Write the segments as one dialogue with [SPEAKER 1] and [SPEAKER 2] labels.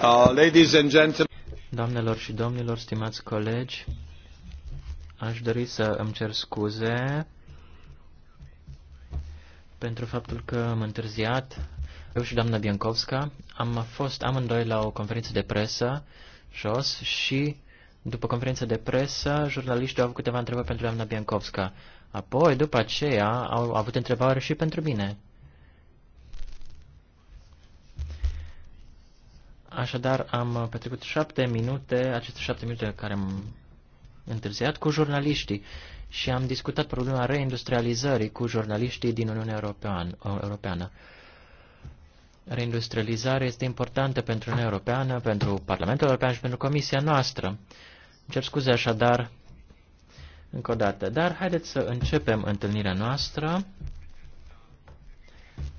[SPEAKER 1] Uh, Doamnelor și domnilor, stimați colegi, aș dori să îmi cer scuze pentru faptul că am întârziat. Eu și doamna Biancovska am fost amândoi la o conferință de presă jos și după conferința de presă, jurnaliștii au avut câteva întrebări pentru doamna Biancovska. Apoi, după aceea, au avut întrebări și pentru mine. Așadar, am petrecut șapte minute, aceste șapte minute care am întârziat, cu jurnaliștii și am discutat problema reindustrializării cu jurnaliștii din Uniunea Europeană. Reindustrializarea este importantă pentru Uniunea Europeană, pentru Parlamentul European și pentru Comisia noastră. Îmi cer scuze așadar încă o dată, dar haideți să începem întâlnirea noastră.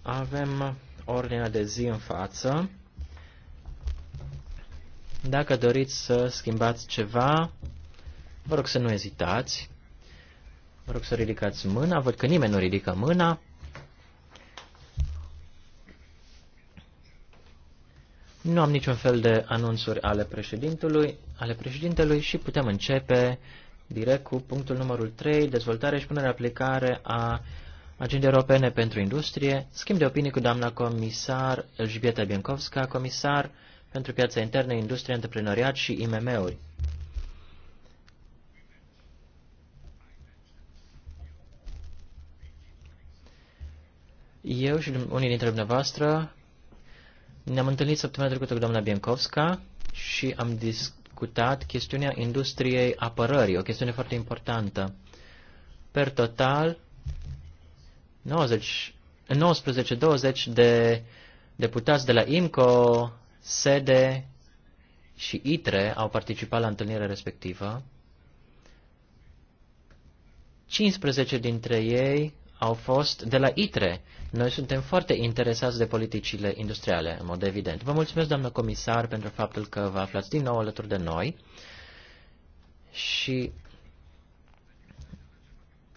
[SPEAKER 1] Avem ordinea de zi în față. Dacă doriți să schimbați ceva, vă rog să nu ezitați. Vă rog să ridicați mâna. Văd că nimeni nu ridică mâna. Nu am niciun fel de anunțuri ale președintelui, ale președintelui și putem începe direct cu punctul numărul 3, dezvoltare și punerea aplicare a agendei europene pentru industrie, schimb de opinie cu doamna comisar Elżbieta Biancovska, comisar pentru piața internă, industrie, antreprenoriat și IMM-uri. Eu și unii dintre dumneavoastră ne-am întâlnit săptămâna trecută cu doamna Biencovska și am discutat chestiunea industriei apărării, o chestiune foarte importantă. Per total, 90, 19-20 de deputați de la IMCO Sede și ITRE au participat la întâlnirea respectivă. 15 dintre ei au fost de la ITRE. Noi suntem foarte interesați de politicile industriale, în mod evident. Vă mulțumesc, doamnă comisar, pentru faptul că vă aflați din nou alături de noi. Și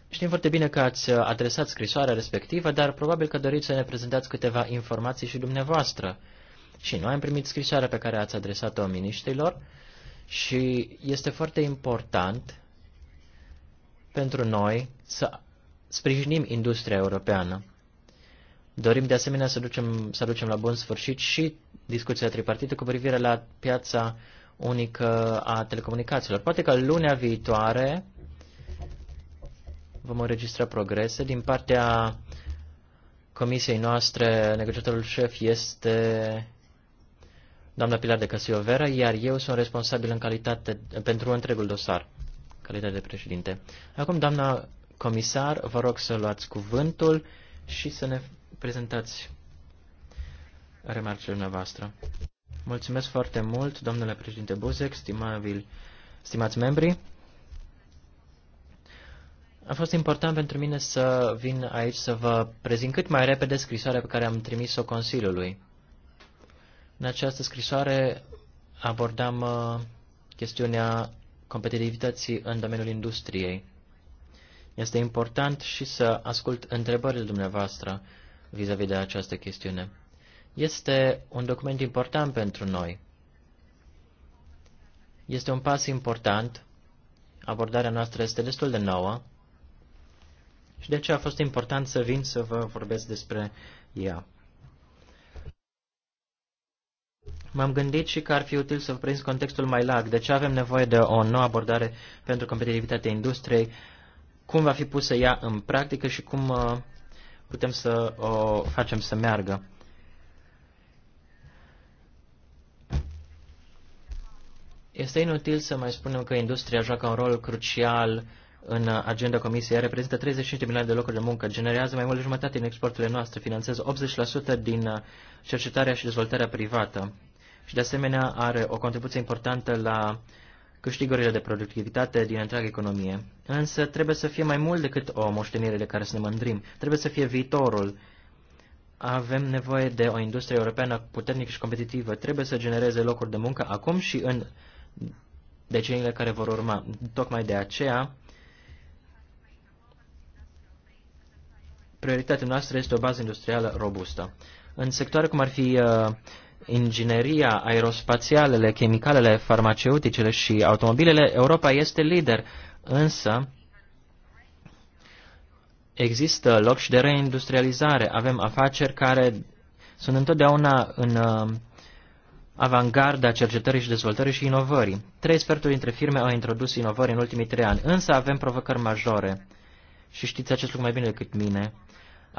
[SPEAKER 1] știm foarte bine că ați adresat scrisoarea respectivă, dar probabil că doriți să ne prezentați câteva informații și dumneavoastră. Și noi am primit scrisoarea pe care ați adresat-o miniștrilor și este foarte important pentru noi să sprijinim industria europeană. Dorim de asemenea să ducem, să ducem la bun sfârșit și discuția tripartită cu privire la piața unică a telecomunicațiilor. Poate că lunea viitoare vom înregistra progrese. Din partea comisiei noastre, negociatorul șef este doamna Pilar de Casiovera, iar eu sunt responsabil în calitate pentru întregul dosar, calitate de președinte. Acum, doamna comisar, vă rog să luați cuvântul și să ne prezentați remarcile dumneavoastră. Mulțumesc foarte mult, domnule președinte Buzek, stimabil, stimați membri. A fost important pentru mine să vin aici să vă prezint cât mai repede scrisoarea pe care am trimis-o Consiliului. În această scrisoare abordam uh, chestiunea competitivității în domeniul industriei. Este important și să ascult întrebările dumneavoastră vis-a-vis -vis de această chestiune. Este un document important pentru noi. Este un pas important. Abordarea noastră este destul de nouă. Și de ce a fost important să vin să vă vorbesc despre ea. M-am gândit și că ar fi util să prins contextul mai larg. De ce avem nevoie de o nouă abordare pentru competitivitatea industriei? Cum va fi pusă ea în practică și cum uh, putem să o facem să meargă? Este inutil să mai spunem că industria joacă un rol crucial în agenda Comisiei reprezintă 35 de milioane de locuri de muncă, generează mai mult de jumătate din exporturile noastre, finanțează 80% din uh, cercetarea și dezvoltarea privată și de asemenea are o contribuție importantă la câștigurile de productivitate din întreaga economie. Însă trebuie să fie mai mult decât o moștenire de care să ne mândrim. Trebuie să fie viitorul. Avem nevoie de o industrie europeană puternică și competitivă. Trebuie să genereze locuri de muncă acum și în deceniile care vor urma. Tocmai de aceea, prioritatea noastră este o bază industrială robustă. În sectoare cum ar fi uh, ingineria, aerospațialele, chimicalele, farmaceuticele și automobilele, Europa este lider, însă există loc și de reindustrializare. Avem afaceri care sunt întotdeauna în uh, avangarda cercetării și dezvoltării și inovării. Trei sferturi dintre firme au introdus inovări în ultimii trei ani, însă avem provocări majore. Și știți acest lucru mai bine decât mine.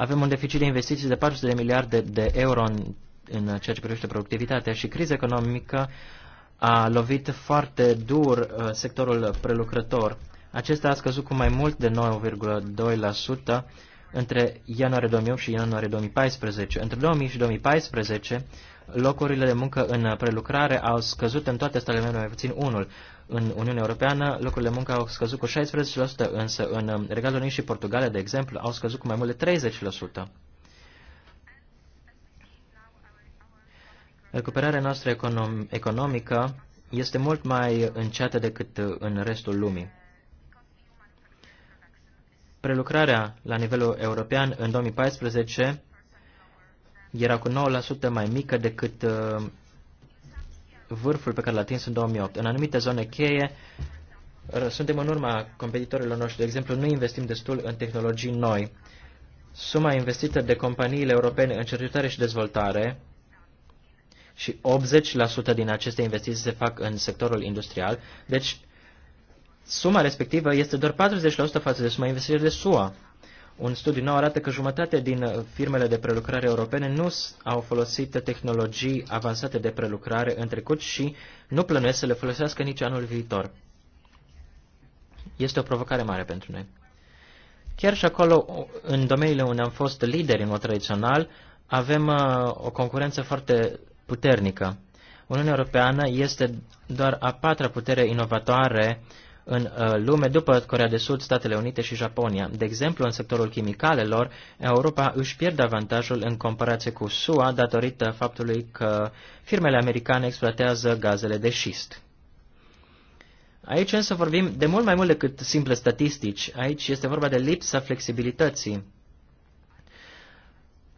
[SPEAKER 1] Avem un deficit de investiții de 400 de miliarde de euro în, în ceea ce privește productivitatea și criza economică a lovit foarte dur uh, sectorul prelucrător. Acesta a scăzut cu mai mult de 9,2% între ianuarie 2008 și ianuarie 2014. Între 2000 și 2014, locurile de muncă în prelucrare au scăzut în toate statele membre mai puțin unul. În Uniunea Europeană, locurile de muncă au scăzut cu 16%, însă în um, Regatul Unit și Portugalia, de exemplu, au scăzut cu mai mult de 30%. Recuperarea noastră econom- economică este mult mai înceată decât în restul lumii. Prelucrarea la nivelul european în 2014 era cu 9% mai mică decât uh, vârful pe care l-a atins în 2008. În anumite zone cheie uh, suntem în urma competitorilor noștri. De exemplu, nu investim destul în tehnologii noi. Suma investită de companiile europene în cercetare și dezvoltare și 80% din aceste investiții se fac în sectorul industrial, deci suma respectivă este doar 40% față de suma investită de SUA. Un studiu nou arată că jumătate din uh, firmele de prelucrare europene nu au folosit tehnologii avansate de prelucrare în trecut și nu plănuiesc să le folosească nici anul viitor. Este o provocare mare pentru noi. Chiar și acolo, în domeniile unde am fost lideri în mod tradițional, avem uh, o concurență foarte puternică. Uniunea Europeană este doar a patra putere inovatoare în uh, lume după Corea de Sud, Statele Unite și Japonia. De exemplu, în sectorul chimicalelor, Europa își pierde avantajul în comparație cu SUA datorită faptului că firmele americane exploatează gazele de șist. Aici însă vorbim de mult mai mult decât simple statistici. Aici este vorba de lipsa flexibilității.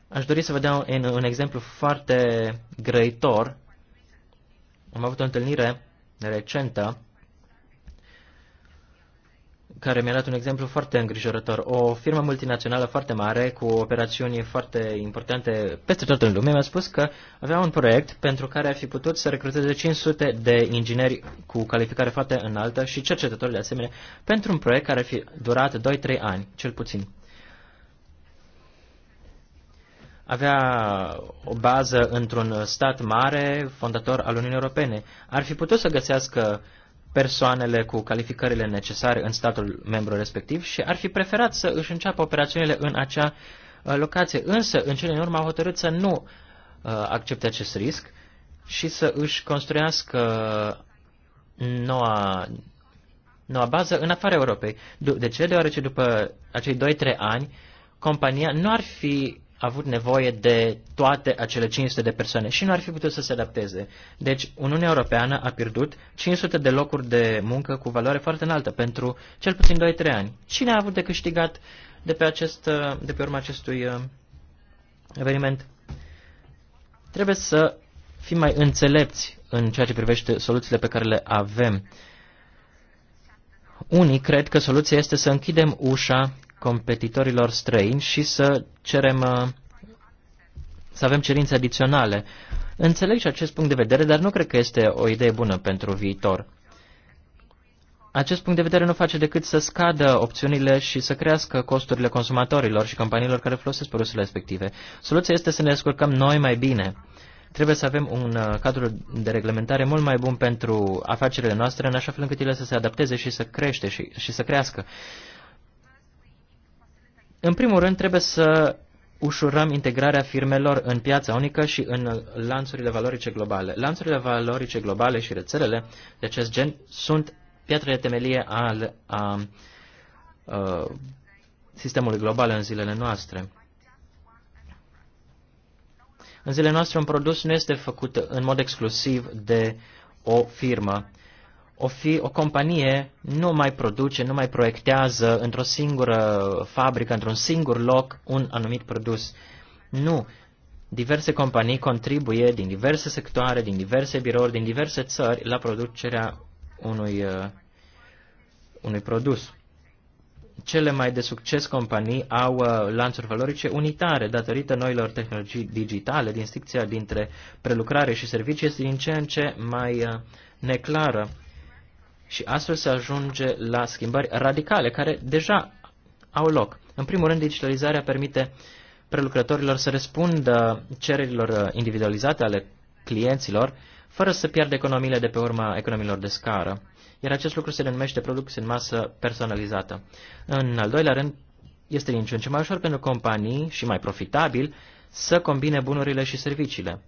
[SPEAKER 1] Aș dori să vă dau un, un exemplu foarte grăitor. Am avut o întâlnire recentă care mi-a dat un exemplu foarte îngrijorător. O firmă multinacională foarte mare, cu operațiuni foarte importante peste tot în lume, mi-a spus că avea un proiect pentru care ar fi putut să recruteze 500 de ingineri cu calificare foarte înaltă și cercetători de asemenea, pentru un proiect care ar fi durat 2-3 ani, cel puțin. Avea o bază într-un stat mare, fondator al Uniunii Europene. Ar fi putut să găsească uh, persoanele cu calificările necesare în statul membru respectiv și ar fi preferat să își înceapă operațiunile în acea uh, locație. Însă, în cele din urmă, au hotărât să nu uh, accepte acest risc și să își construiască noua, noua bază în afara Europei. De ce? Deoarece după acei 2-3 ani, compania nu ar fi avut nevoie de toate acele 500 de persoane și nu ar fi putut să se adapteze. Deci Uniunea Europeană a pierdut 500 de locuri de muncă cu valoare foarte înaltă pentru cel puțin 2-3 ani. Cine a avut de câștigat de pe, acest, uh, de pe urma acestui uh, eveniment? Trebuie să fim mai înțelepți în ceea ce privește soluțiile pe care le avem. Unii cred că soluția este să închidem ușa competitorilor străini și să cerem uh, să avem cerințe adiționale. Înțeleg și acest punct de vedere, dar nu cred că este o idee bună pentru viitor. Acest punct de vedere nu face decât să scadă opțiunile și să crească costurile consumatorilor și companiilor care folosesc produsele respective. Soluția este să ne descurcăm noi mai bine. Trebuie să avem un uh, cadru de reglementare mult mai bun pentru afacerile noastre, în așa fel încât ele să se adapteze și să crește și, și să crească. În primul rând, trebuie să ușurăm integrarea firmelor în piața unică și în lanțurile valorice globale. Lanțurile valorice globale și rețelele de acest gen sunt piatrele temelie al a, a, sistemului global în zilele noastre. În zilele noastre, un produs nu este făcut în mod exclusiv de o firmă o, fi, o companie nu mai produce, nu mai proiectează într-o singură fabrică, într-un singur loc, un anumit produs. Nu. Diverse companii contribuie din diverse sectoare, din diverse birouri, din diverse țări la producerea unui, uh, unui produs. Cele mai de succes companii au uh, lanțuri valorice unitare datorită noilor tehnologii digitale. Distinția dintre prelucrare și servicii este din ce în ce mai uh, neclară. Și astfel se ajunge la schimbări radicale, care deja au loc. În primul rând, digitalizarea permite prelucrătorilor să răspundă cererilor uh, individualizate ale clienților, fără să piardă economiile de pe urma economiilor de scară. Iar acest lucru se denumește produs în masă personalizată. În al doilea rând, este din ce în ce mai ușor pentru companii și mai profitabil să combine bunurile și serviciile.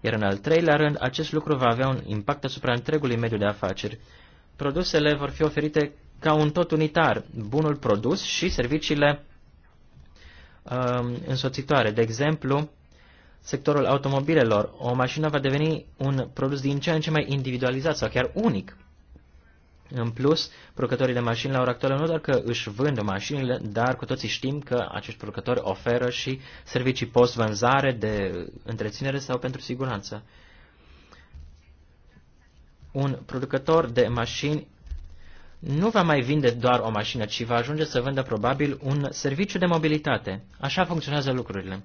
[SPEAKER 1] Iar în al treilea rând, acest lucru va avea un impact asupra întregului mediu de afaceri, produsele vor fi oferite ca un tot unitar, bunul produs și serviciile uh, însoțitoare. De exemplu, sectorul automobilelor, o mașină va deveni un produs din ce în ce mai individualizat sau chiar unic. În plus, producătorii de mașini la ora actuală nu doar că își vând mașinile, dar cu toții știm că acești producători oferă și servicii post-vânzare de întreținere sau pentru siguranță un producător de mașini nu va mai vinde doar o mașină, ci va ajunge să vândă probabil un serviciu de mobilitate. Așa funcționează lucrurile.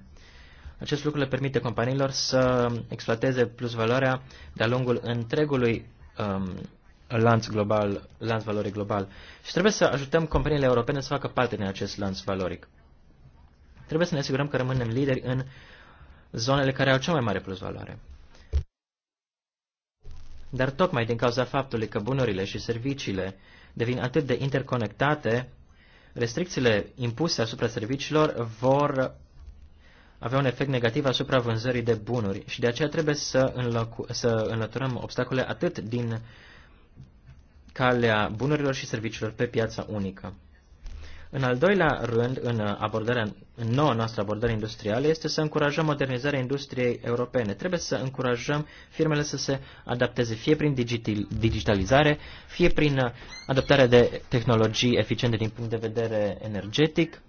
[SPEAKER 1] Acest lucru le permite companiilor să exploateze plus valoarea de-a lungul întregului um, lanț global, lanț valoric global. Și trebuie să ajutăm companiile europene să facă parte din acest lanț valoric. Trebuie să ne asigurăm că rămânem lideri în zonele care au cea mai mare plus valoare. Dar tocmai din cauza faptului că bunurile și serviciile devin atât de interconectate, restricțiile impuse asupra serviciilor vor avea un efect negativ asupra vânzării de bunuri și de aceea trebuie să, înlocu- să înlăturăm obstacole atât din calea bunurilor și serviciilor pe piața unică. În al doilea rând, în, abordarea, în noua noastră abordare industrială, este să încurajăm modernizarea industriei europene. Trebuie să încurajăm firmele să se adapteze fie prin digitalizare, fie prin adoptarea de tehnologii eficiente din punct de vedere energetic,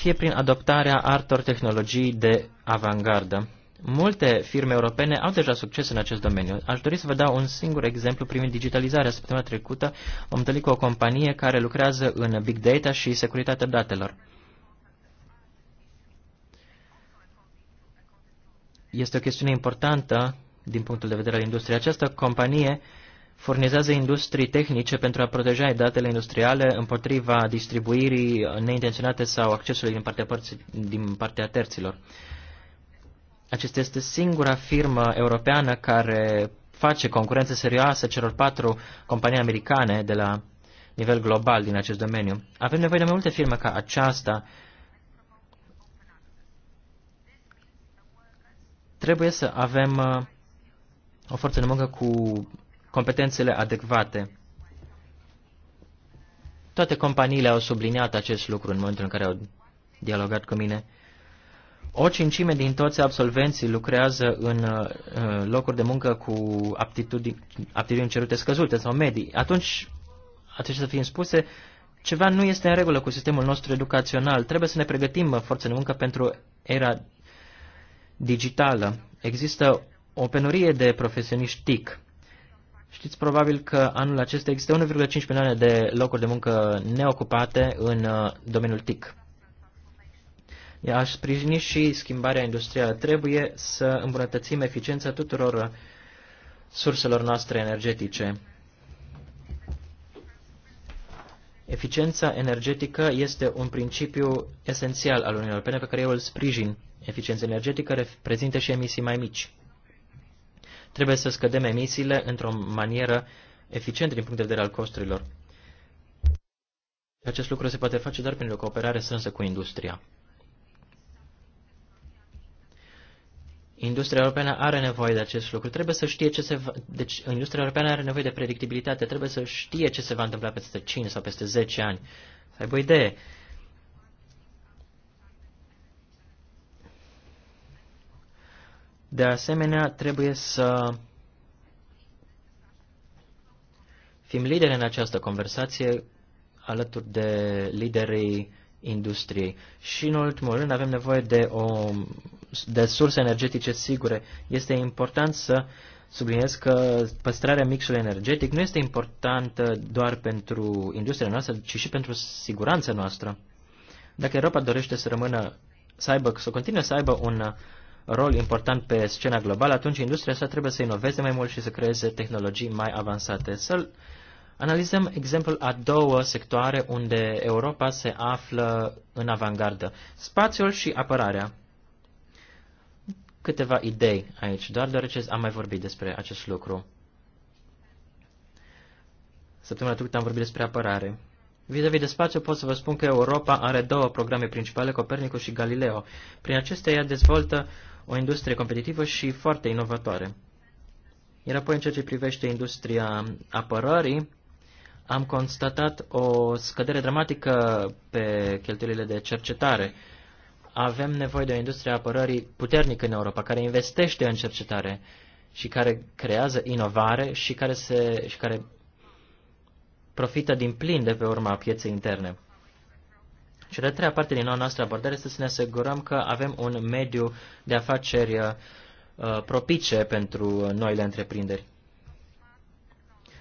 [SPEAKER 1] fie prin adoptarea altor tehnologii de avangardă. Multe firme europene au deja succes în acest domeniu. Aș dori să vă dau un singur exemplu privind digitalizarea. Săptămâna trecută am întâlnit cu o companie care lucrează în big data și securitatea datelor. Este o chestiune importantă din punctul de vedere al industriei. Această companie furnizează industrii tehnice pentru a proteja datele industriale împotriva distribuirii neintenționate sau accesului din partea, părții, din partea terților. Acesta este singura firmă europeană care face concurență serioasă celor patru companii americane de la nivel global din acest domeniu. Avem nevoie de mai multe firme ca aceasta. Trebuie să avem uh, o forță de muncă cu competențele adecvate. Toate companiile au subliniat acest lucru în momentul în care au dialogat cu mine. O cincime din toți absolvenții lucrează în uh, locuri de muncă cu aptitudini, aptitudini cerute scăzute sau medii. Atunci, atunci să fim spuse, ceva nu este în regulă cu sistemul nostru educațional. Trebuie să ne pregătim uh, forța de muncă pentru era digitală. Există o penurie de profesioniști TIC. Știți probabil că anul acesta există 1,5 milioane de locuri de muncă neocupate în uh, domeniul TIC. Aș sprijini și schimbarea industrială. Trebuie să îmbunătățim eficiența tuturor surselor noastre energetice. Eficiența energetică este un principiu esențial al Uniunii Europene pe care eu îl sprijin. Eficiența energetică reprezintă și emisii mai mici. Trebuie să scădem emisiile într-o manieră eficientă din punct de vedere al costurilor. Acest lucru se poate face doar prin o cooperare strânsă cu industria. Industria europeană are nevoie de acest lucru. Trebuie să știe ce se va... Deci, industria europeană are nevoie de predictibilitate. Trebuie să știe ce se va întâmpla peste 5 sau peste 10 ani. Să aibă o idee. De asemenea, trebuie să fim lideri în această conversație alături de liderii industriei. Și în ultimul rând avem nevoie de, o, de surse energetice sigure. Este important să subliniez că păstrarea mixului energetic nu este importantă doar pentru industria noastră, ci și pentru siguranța noastră. Dacă Europa dorește să rămână, să aibă, să continue să aibă un rol important pe scena globală, atunci industria sa trebuie să inoveze mai mult și să creeze tehnologii mai avansate. Să Analizăm exemplul a două sectoare unde Europa se află în avangardă, spațiul și apărarea. Câteva idei aici, doar deoarece am mai vorbit despre acest lucru. Săptămâna trecută am vorbit despre apărare. Vis-a-vis de spațiu pot să vă spun că Europa are două programe principale, Copernicus și Galileo. Prin acestea ea dezvoltă o industrie competitivă și foarte inovatoare. Iar apoi în ceea ce privește industria apărării, am constatat o scădere dramatică pe cheltuielile de cercetare. Avem nevoie de o industrie a apărării puternică în Europa, care investește în cercetare și care creează inovare și care, se, și care profită din plin de pe urma pieței interne. Și de treia parte din noua noastră abordare este să ne asigurăm că avem un mediu de afaceri uh, propice pentru noile întreprinderi.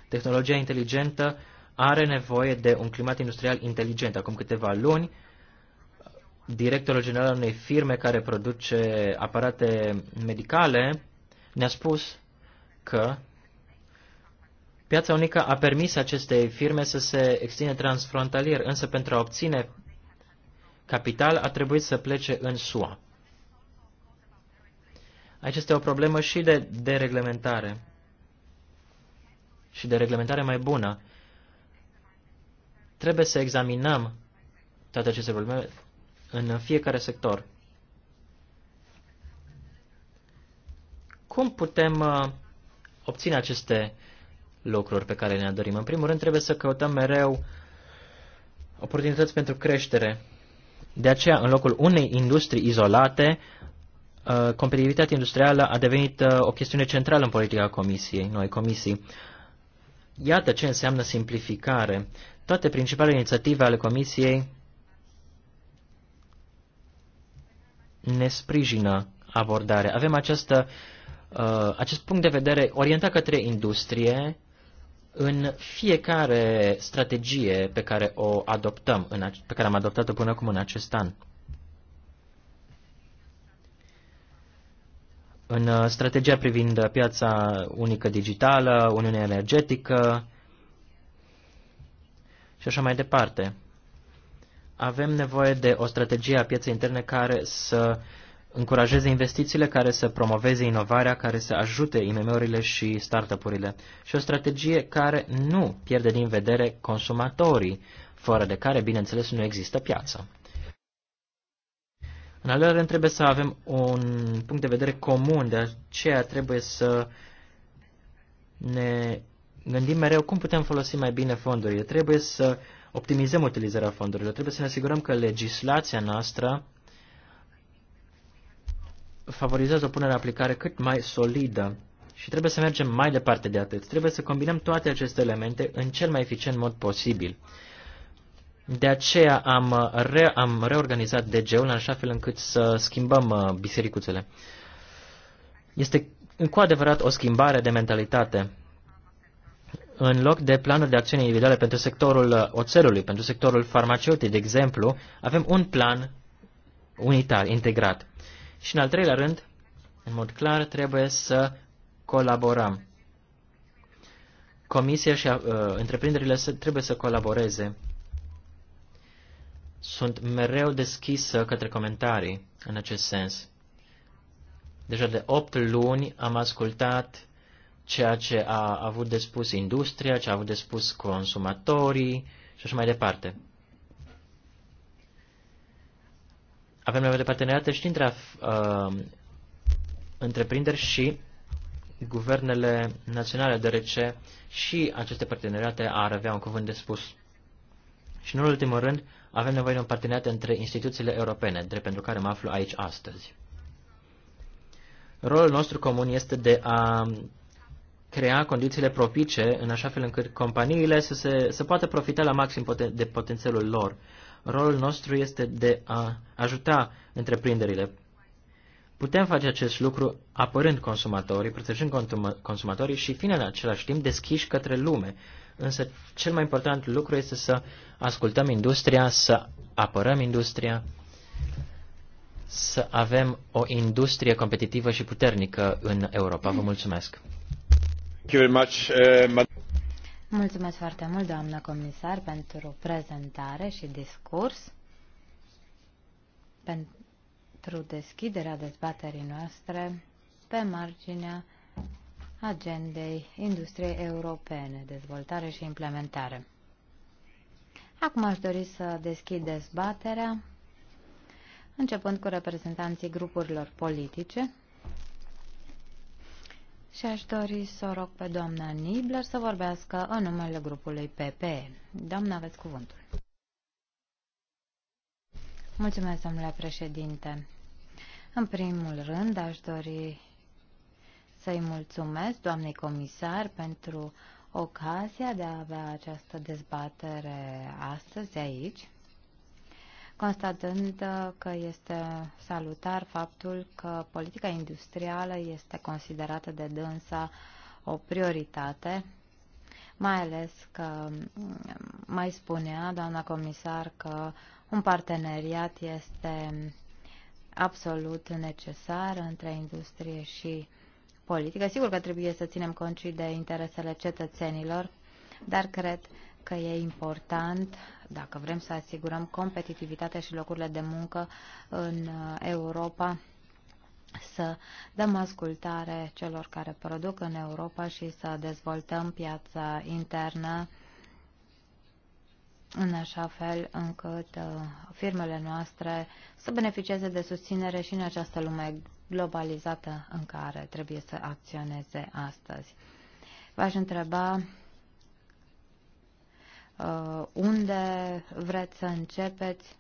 [SPEAKER 1] Tehnologia inteligentă are nevoie de un climat industrial inteligent. Acum câteva luni, directorul general al unei firme care produce aparate medicale ne-a spus că piața unică a permis acestei firme să se extinde transfrontalier, însă pentru a obține capital a trebuit să plece în SUA. Aici este o problemă și de dereglementare și de reglementare mai bună. Trebuie să examinăm toate aceste probleme în fiecare sector. Cum putem uh, obține aceste lucruri pe care ne dorim? În primul rând, trebuie să căutăm mereu oportunități pentru creștere. De aceea, în locul unei industrii izolate, uh, competitivitatea industrială a devenit uh, o chestiune centrală în politica Comisiei, noi comisii. Iată ce înseamnă simplificare. Toate principalele inițiative ale Comisiei ne sprijină abordarea. Avem această, uh, acest punct de vedere orientat către industrie în fiecare strategie pe care o adoptăm, în, pe care am adoptat-o până acum în acest an. În uh, strategia privind piața unică digitală, Uniunea energetică, și așa mai departe. Avem nevoie de o strategie a pieței interne care să încurajeze investițiile, care să promoveze inovarea, care să ajute IMM-urile și startup-urile și o strategie care nu pierde din vedere consumatorii, fără de care, bineînțeles, nu există piață. În al doilea rând, trebuie să avem un punct de vedere comun, de aceea trebuie să ne gândim mereu cum putem folosi mai bine fondurile. Trebuie să optimizăm utilizarea fondurilor. Trebuie să ne asigurăm că legislația noastră favorizează o punere în aplicare cât mai solidă și trebuie să mergem mai departe de atât. Trebuie să combinăm toate aceste elemente în cel mai eficient mod posibil. De aceea am, re- am reorganizat DG-ul în așa fel încât să schimbăm uh, bisericuțele. Este cu adevărat o schimbare de mentalitate în loc de planuri de acțiune individuale pentru sectorul uh, oțelului, pentru sectorul farmaceutic, de exemplu, avem un plan unitar, integrat. Și în al treilea rând, în mod clar, trebuie să colaborăm. Comisia și uh, întreprinderile trebuie să colaboreze. Sunt mereu deschisă către comentarii în acest sens. Deja de 8 luni am ascultat ceea ce a avut de spus industria, ce a avut de spus consumatorii și așa mai departe. Avem nevoie de parteneriate și între uh, întreprinderi și guvernele naționale, deoarece și aceste parteneriate ar avea un cuvânt de spus. Și în ultimul rând, avem nevoie de un parteneriat între instituțiile europene, drept pentru care mă aflu aici astăzi. Rolul nostru comun este de a crea condițiile propice în așa fel încât companiile să, se, să poată profita la maxim de potențialul lor. Rolul nostru este de a ajuta întreprinderile. Putem face acest lucru apărând consumatorii, protejând consumatorii și fiind în același timp deschiși către lume. Însă cel mai important lucru este să ascultăm industria, să apărăm industria, să avem o industrie competitivă și puternică în Europa. Vă mulțumesc!
[SPEAKER 2] Uh,
[SPEAKER 3] Mulțumesc foarte mult, doamnă comisar, pentru prezentare și discurs, pentru deschiderea dezbaterii noastre pe marginea agendei industriei europene, dezvoltare și implementare. Acum aș dori să deschid dezbaterea, începând cu reprezentanții grupurilor politice. Și aș dori să o rog pe doamna Nibler să vorbească în numele grupului PP. Doamna, aveți cuvântul. Mulțumesc, domnule președinte. În primul rând, aș dori să-i mulțumesc doamnei comisar pentru ocazia de a avea această dezbatere astăzi aici constatând că este salutar faptul că politica industrială este considerată de dânsa o prioritate, mai ales că mm, mai spunea doamna comisar că un parteneriat este absolut necesar între industrie și politică. Sigur că trebuie să ținem cont și de interesele cetățenilor, dar cred că e important, dacă vrem să asigurăm competitivitatea și locurile de muncă în uh, Europa, să dăm ascultare celor care produc în Europa și să dezvoltăm piața internă în așa fel încât uh, firmele noastre să beneficieze de susținere și în această lume globalizată în care trebuie să acționeze astăzi. V-aș întreba Uh, unde vreți să începeți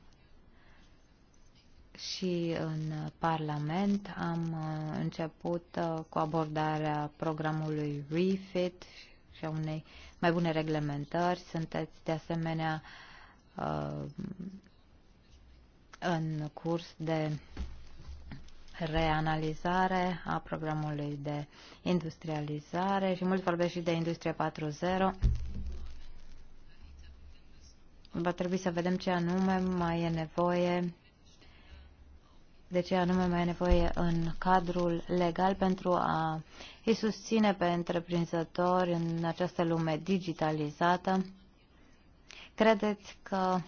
[SPEAKER 3] și în Parlament am uh, început uh, cu abordarea programului REFIT și a unei mai bune reglementări. Sunteți de asemenea în curs de reanalizare a programului de industrializare și mult vorbesc și de Industrie 4.0 va trebui să vedem ce anume mai e nevoie de ce anume mai e nevoie în cadrul legal pentru a îi susține pe întreprinzători în această lume digitalizată. Credeți că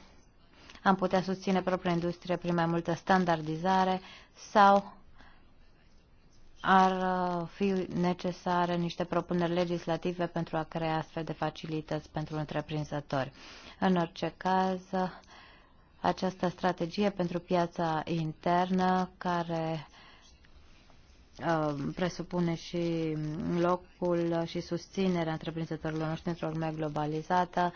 [SPEAKER 3] am putea susține propria industrie prin mai multă standardizare sau ar uh, fi necesare niște propuneri legislative pentru a crea astfel de facilități pentru întreprinzători. În orice caz, această strategie pentru piața internă care uh, presupune și locul și susținerea întreprinzătorilor noștri într-o lume globalizată.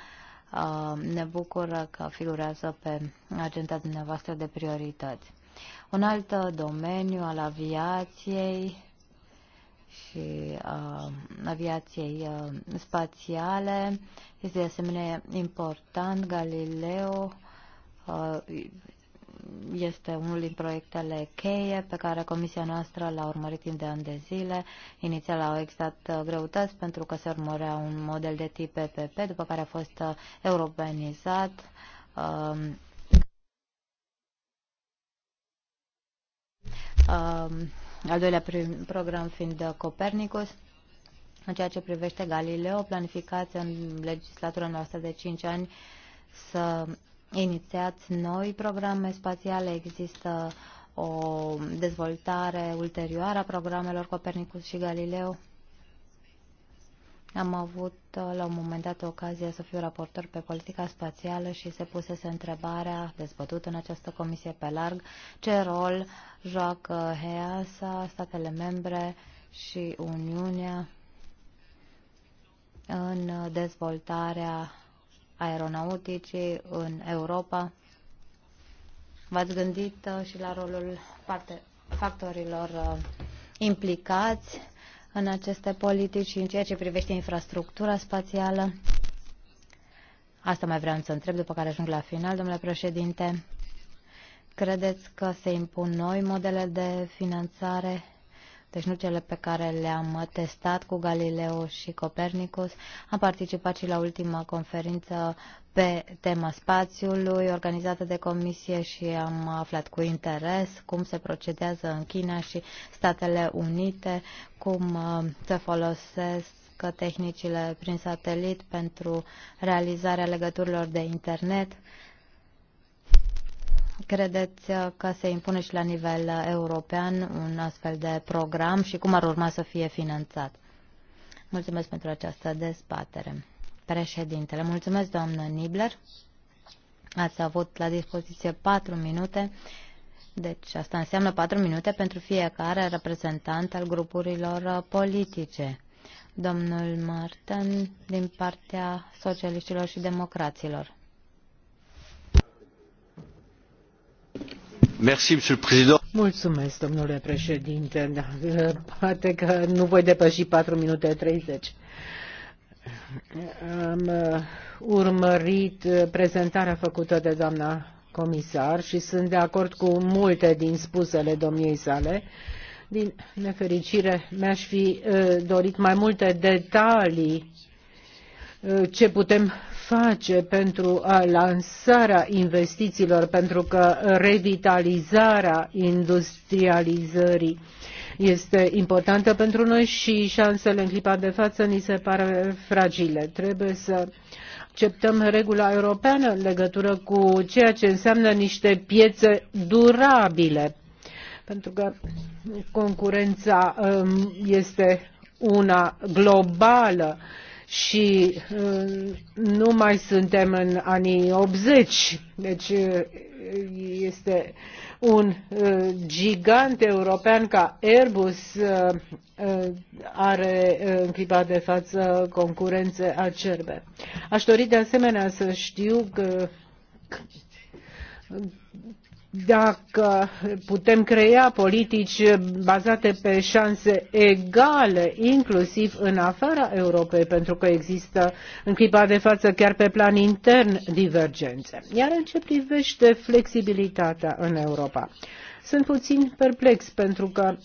[SPEAKER 3] Uh, ne bucură că figurează pe agenda dumneavoastră de priorități. Un alt uh, domeniu al aviației și uh, aviației uh, spațiale este de asemenea important. Galileo uh, este unul din proiectele cheie pe care comisia noastră l-a urmărit timp de ani de zile. Inițial au existat uh, greutăți pentru că se urmărea un model de tip PPP, după care a fost uh, europenizat um, Um, al doilea program fiind Copernicus. În ceea ce privește Galileo, planificați în legislatura noastră de 5 ani să inițiați noi programe spațiale. Există o dezvoltare ulterioară a programelor Copernicus și Galileo? Am avut uh, la un moment dat ocazia să fiu raportor pe politica spațială și se pusese întrebarea, dezbătută în această comisie pe larg, ce rol joacă EASA, statele membre și Uniunea în dezvoltarea aeronauticii în Europa. V-ați gândit uh, și la rolul parte, factorilor uh, implicați în aceste politici și în ceea ce privește infrastructura spațială? Asta mai vreau să întreb, după care ajung la final, domnule președinte. Credeți că se impun noi modele de finanțare deci nu cele pe care le-am testat cu Galileo și Copernicus. Am participat și la ultima conferință pe tema spațiului organizată de comisie și am aflat cu interes cum se procedează în China și Statele Unite, cum uh, se folosesc tehnicile prin satelit pentru realizarea legăturilor de internet. Credeți uh, că se impune și la nivel uh, european un astfel de program și cum ar urma să fie finanțat? Mulțumesc pentru această dezbatere. Președintele, mulțumesc doamnă Nibler. Ați avut la dispoziție patru minute, deci asta înseamnă patru minute pentru fiecare reprezentant al grupurilor uh, politice. Domnul Martin din partea socialiștilor și democraților.
[SPEAKER 2] Mulțumesc, domnule președinte. Poate că nu voi depăși patru minute treizeci. Am uh, urmărit uh, prezentarea făcută de doamna comisar și sunt de acord cu multe din spusele domniei sale. Din nefericire, mi-aș fi uh, dorit mai multe detalii ce putem face pentru uh, lansarea investițiilor, pentru că revitalizarea industrializării este importantă pentru noi și șansele în clipa de față ni se pare fragile. Trebuie să acceptăm regula europeană în legătură cu ceea ce înseamnă niște piețe durabile, pentru că concurența um, este una globală și uh, nu mai suntem în anii 80, deci uh, este un uh, gigant european ca Airbus are în clipa de față concurențe acerbe. Aș dori de asemenea să știu că dacă putem crea politici bazate pe șanse egale, inclusiv în afara Europei, pentru că există în clipa de față chiar pe plan intern divergențe. Iar în ce privește flexibilitatea în Europa, sunt puțin perplex pentru că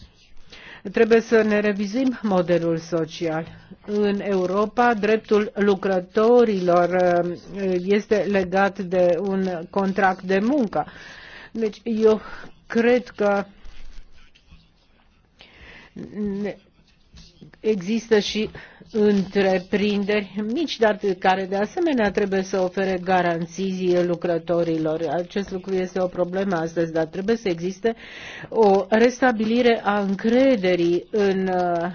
[SPEAKER 2] trebuie să ne revizuim modelul social. În Europa, dreptul lucrătorilor eh, este legat de un contract de muncă deci eu cred că există și întreprinderi mici, dar care de asemenea trebuie să ofere garanții lucrătorilor. Acest lucru este o problemă astăzi, dar trebuie să existe o restabilire a încrederii în uh,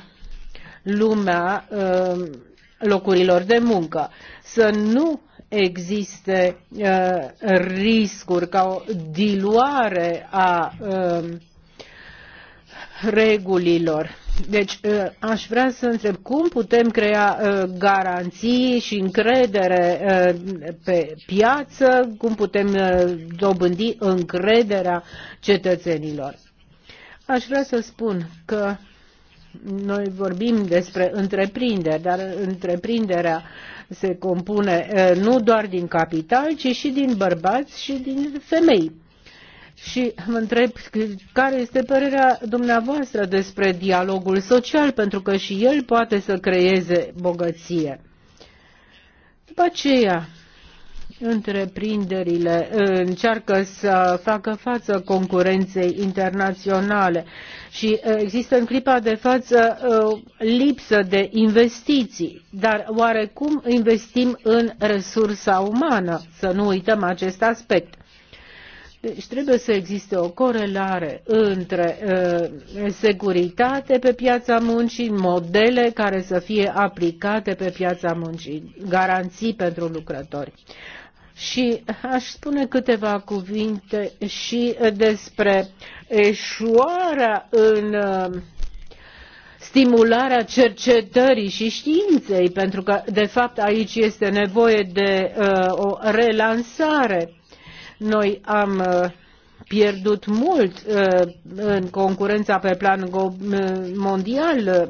[SPEAKER 2] lumea uh, locurilor de muncă să nu existe uh, riscuri ca o diluare a uh, regulilor. Deci uh, aș vrea să întreb cum putem crea uh, garanții și încredere uh, pe piață, cum putem dobândi încrederea cetățenilor. Aș vrea să spun că noi vorbim despre întreprinderi, dar întreprinderea se compune nu doar din capital, ci și din bărbați și din femei. Și mă întreb care este părerea dumneavoastră despre dialogul social, pentru că și el poate să creeze bogăție. După aceea, întreprinderile uh, încearcă să facă față concurenței internaționale și uh, există în clipa de față uh, lipsă de investiții. Dar oarecum investim în resursa umană? Să nu uităm acest aspect. Deci trebuie să existe o corelare între uh, securitate pe piața muncii, modele care să fie aplicate pe piața muncii, garanții pentru lucrători. Și aș spune câteva cuvinte și despre eșuarea în uh, stimularea cercetării și științei, pentru că, de fapt, aici este nevoie de uh, o relansare. Noi am uh, pierdut mult uh, în concurența pe plan uh, mondial.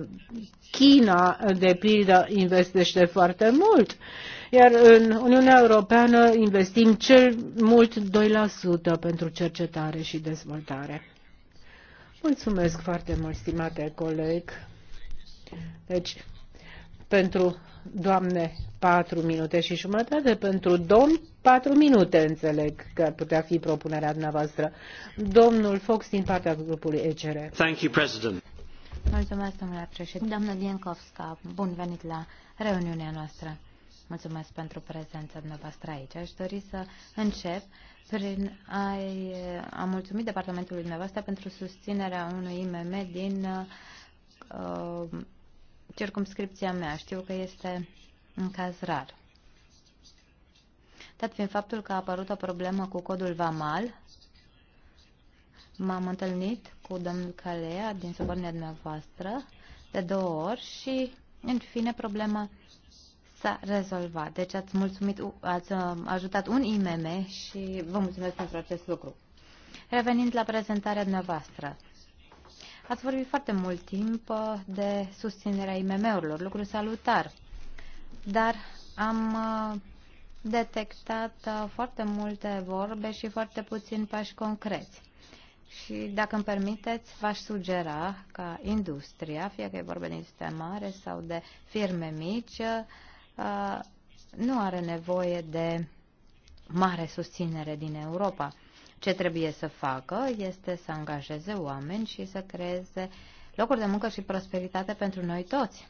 [SPEAKER 2] China, de pildă, investește foarte mult iar în Uniunea Europeană investim cel mult 2% pentru cercetare și dezvoltare. Mulțumesc foarte mult, stimate coleg. Deci, pentru doamne 4 minute și jumătate, pentru domn
[SPEAKER 3] 4 minute, înțeleg că ar putea fi
[SPEAKER 2] propunerea dumneavoastră. Domnul Fox din partea grupului ECR. Thank
[SPEAKER 1] you, President.
[SPEAKER 3] Mulțumesc, domnule președinte. Doamnă Dienkovska, bun venit la reuniunea noastră. Mulțumesc pentru prezența dumneavoastră aici. Aș dori să încep prin a, a mulțumi departamentului dumneavoastră pentru susținerea unui IMM din uh, circumscripția mea. Știu că este un caz rar. Dat fiind faptul că a apărut o problemă cu codul VAMAL, m-am întâlnit cu domnul Calea din subornia dumneavoastră de două ori și, în fine, problema s-a rezolvat. Deci ați, mulțumit, ați uh, ajutat un IMM și vă mulțumesc pentru acest lucru. Revenind la prezentarea dumneavoastră, ați vorbit foarte mult timp uh, de susținerea IMM-urilor, lucru salutar, dar am uh, detectat foarte multe vorbe și foarte puțini pași concreți. Și dacă îmi permiteți, v-aș sugera ca industria, fie că e vorba de industria mare sau de firme mici, Uh, nu are nevoie de mare susținere din Europa. Ce trebuie să facă este să angajeze oameni și să creeze locuri de muncă și prosperitate pentru noi toți.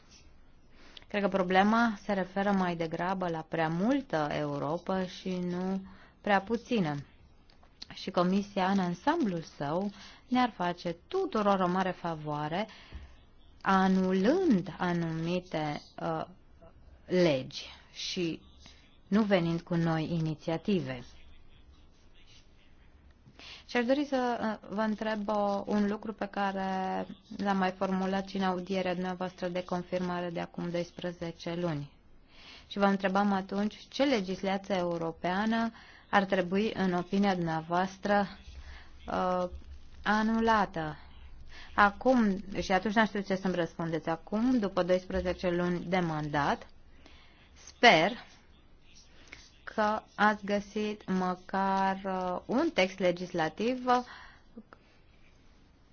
[SPEAKER 3] Cred că problema se referă mai degrabă la prea multă Europa și nu prea puțină. Și Comisia, în ansamblul său, ne-ar face tuturor o mare favoare anulând anumite uh, legi și nu venind cu noi inițiative. Și aș dori să uh, vă întreb uh, un lucru pe care l-am mai formulat și în audierea dumneavoastră de confirmare de acum 12 luni. Și vă întrebam atunci ce legislație europeană ar trebui, în opinia dumneavoastră, uh, anulată. Acum, și atunci n-aș știu ce să-mi răspundeți acum, după 12 luni de mandat, sper că ați găsit măcar uh, un text legislativ uh,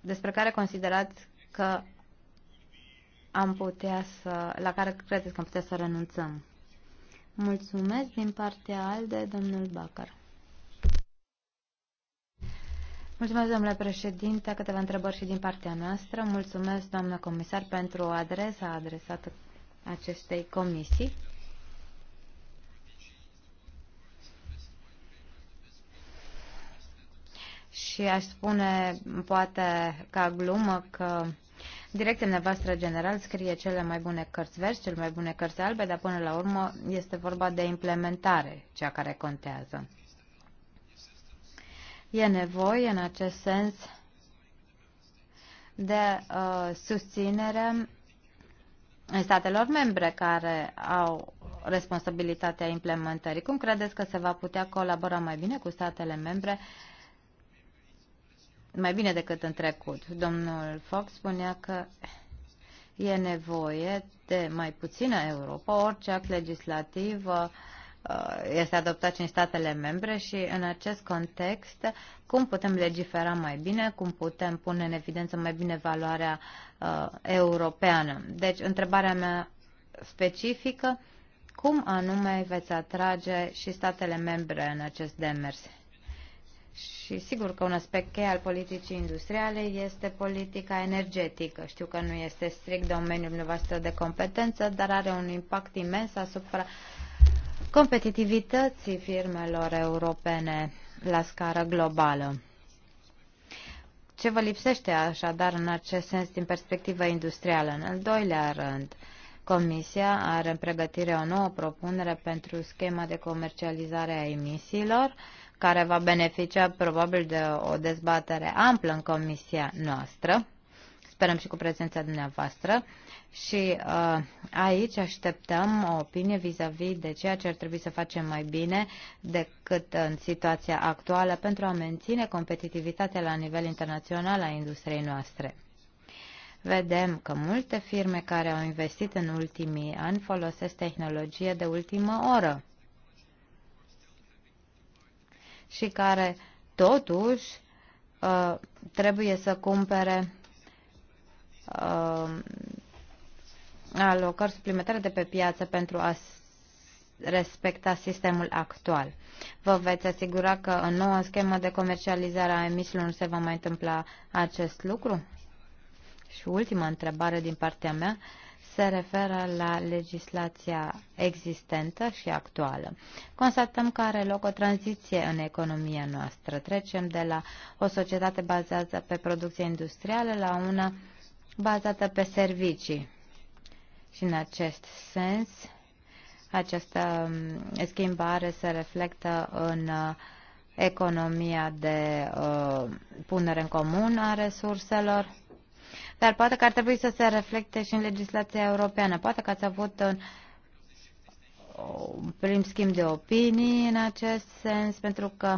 [SPEAKER 3] despre care considerați că am putea să, la care credeți că am putea să renunțăm. Mulțumesc din partea al de domnul Bacar. Mulțumesc, domnule președinte, câteva întrebări și din partea noastră. Mulțumesc, doamnă comisar, pentru adresa adresată acestei comisii. și aș spune poate ca glumă că Direcția nevastră general scrie cele mai bune cărți verzi, cele mai bune cărți albe, dar până la urmă este vorba de implementare, cea care contează. E nevoie, în acest sens, de uh, susținere statelor membre care au responsabilitatea implementării. Cum credeți că se va putea colabora mai bine cu statele membre uh, mai bine decât în trecut. Domnul Fox spunea că e nevoie de mai puțină Europa, orice act legislativ uh, este adoptat și în statele membre și în acest context cum putem legifera mai bine, cum putem pune în evidență mai bine valoarea uh, europeană. Deci întrebarea mea specifică, cum anume veți atrage și statele membre în acest demers? Și sigur că un aspect cheie al politicii industriale este politica energetică. Știu că nu este strict domeniul dumneavoastră de competență, dar are un impact imens asupra competitivității firmelor europene la scară globală. Ce vă lipsește așadar în acest sens din perspectivă industrială? În al doilea rând, uh, Comisia are în pregătire o nouă propunere pentru schema de comercializare a emisiilor, care va beneficia probabil de o dezbatere amplă în comisia noastră. Sperăm și cu prezența dumneavoastră. Și uh, aici așteptăm o opinie vis-a-vis -vis de ceea ce ar trebui să facem mai bine decât în situația actuală pentru a menține competitivitatea la nivel internațional a industriei noastre vedem că multe firme care au investit în ultimii ani folosesc tehnologie de ultimă oră și care totuși uh, trebuie să cumpere uh, alocări suplimentare de pe piață pentru a respecta sistemul actual. Vă veți asigura că în noua schemă de comercializare a emisiilor nu se va mai întâmpla acest lucru? Și ultima întrebare din partea mea se referă la legislația existentă și actuală. Constatăm că are loc o tranziție în economia noastră. Trecem de la o societate bazată pe producție industrială la una bazată pe servicii. Și în acest sens, această mm, schimbare se reflectă în uh, economia de uh, punere în comun a resurselor, dar poate că ar trebui să se reflecte și în legislația europeană. Poate că ați avut un, un prim schimb de opinii în acest sens, pentru că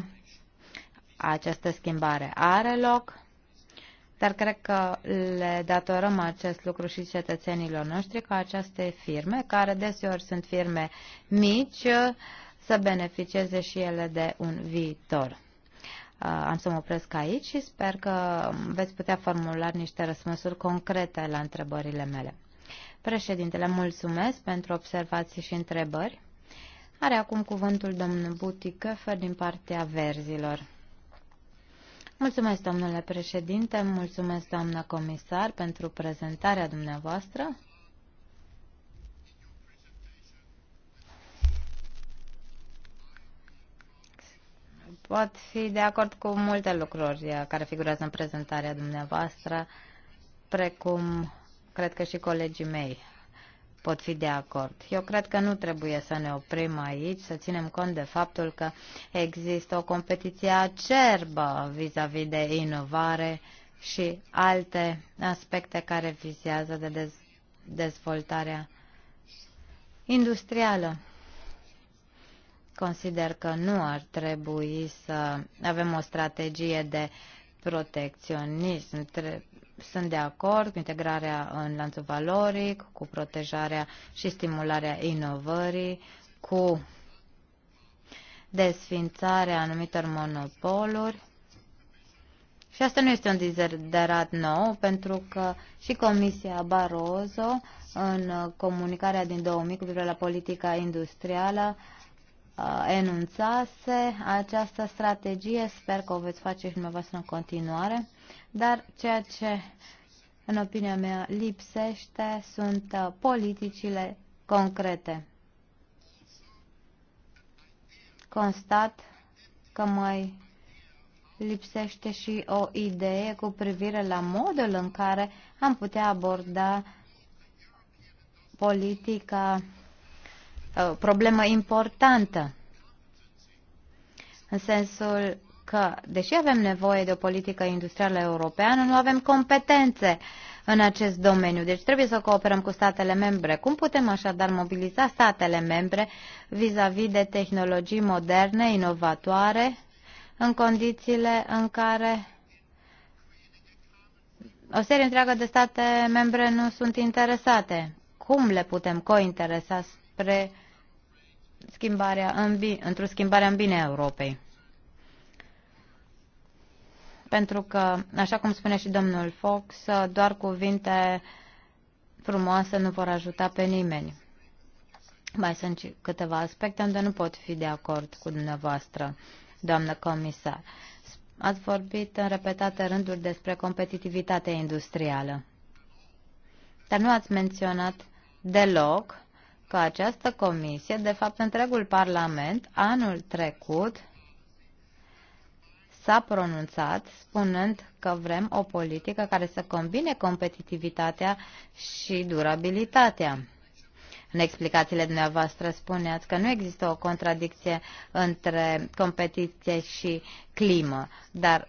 [SPEAKER 3] această schimbare are loc, dar cred că le datorăm acest lucru și cetățenilor noștri că aceste firme, care deseori sunt firme mici, să beneficieze și ele de un viitor. Uh, am să mă opresc aici și sper că veți putea formula niște răspunsuri concrete la întrebările mele. Președintele, mulțumesc pentru observații și întrebări. Are acum cuvântul domnul Butiköfer din partea verzilor. Mulțumesc, domnule președinte, mulțumesc, doamnă comisar, pentru prezentarea dumneavoastră. pot fi de acord cu multe lucruri uh, care figurează în prezentarea dumneavoastră, precum cred că și colegii mei pot fi de acord. Eu cred că nu trebuie să ne oprim aici, să ținem cont de faptul că există o competiție acerbă vis-a-vis -vis de inovare și alte aspecte care vizează de dez- dezvoltarea industrială consider că nu ar trebui să avem o strategie de protecționism. Sunt de acord cu integrarea în lanțul valoric, cu protejarea și stimularea inovării, cu desfințarea anumitor monopoluri. Și asta nu este un deziderat nou, pentru că și Comisia Barroso, în comunicarea din 2000 cu privire la politica industrială, Uh, enunțase această strategie. Sper că o veți face și dumneavoastră în continuare. Dar ceea ce, în opinia mea, lipsește sunt uh, politicile concrete. Constat că mai lipsește și o idee cu privire la modul în care am putea aborda politica uh, problemă importantă. În sensul că, deși avem nevoie de o politică industrială europeană, nu avem competențe în acest domeniu. Deci trebuie să cooperăm cu statele membre. Cum putem așadar mobiliza statele membre vis-a-vis -vis de tehnologii moderne, inovatoare, în condițiile în care o serie întreagă de state membre nu sunt interesate? Cum le putem cointeresa spre schimbarea în, într-o schimbare în bine a Europei. Pentru că, așa cum spune și domnul Fox, doar cuvinte frumoase nu vor ajuta pe nimeni. Mai sunt câteva aspecte unde nu pot fi de acord cu dumneavoastră, doamnă comisar. Ați vorbit în repetate rânduri despre competitivitatea industrială, dar nu ați menționat deloc că această comisie, de fapt întregul Parlament, anul trecut s-a pronunțat spunând că vrem o politică care să combine competitivitatea și durabilitatea. În explicațiile dumneavoastră spuneați că nu există o contradicție între competiție și climă, dar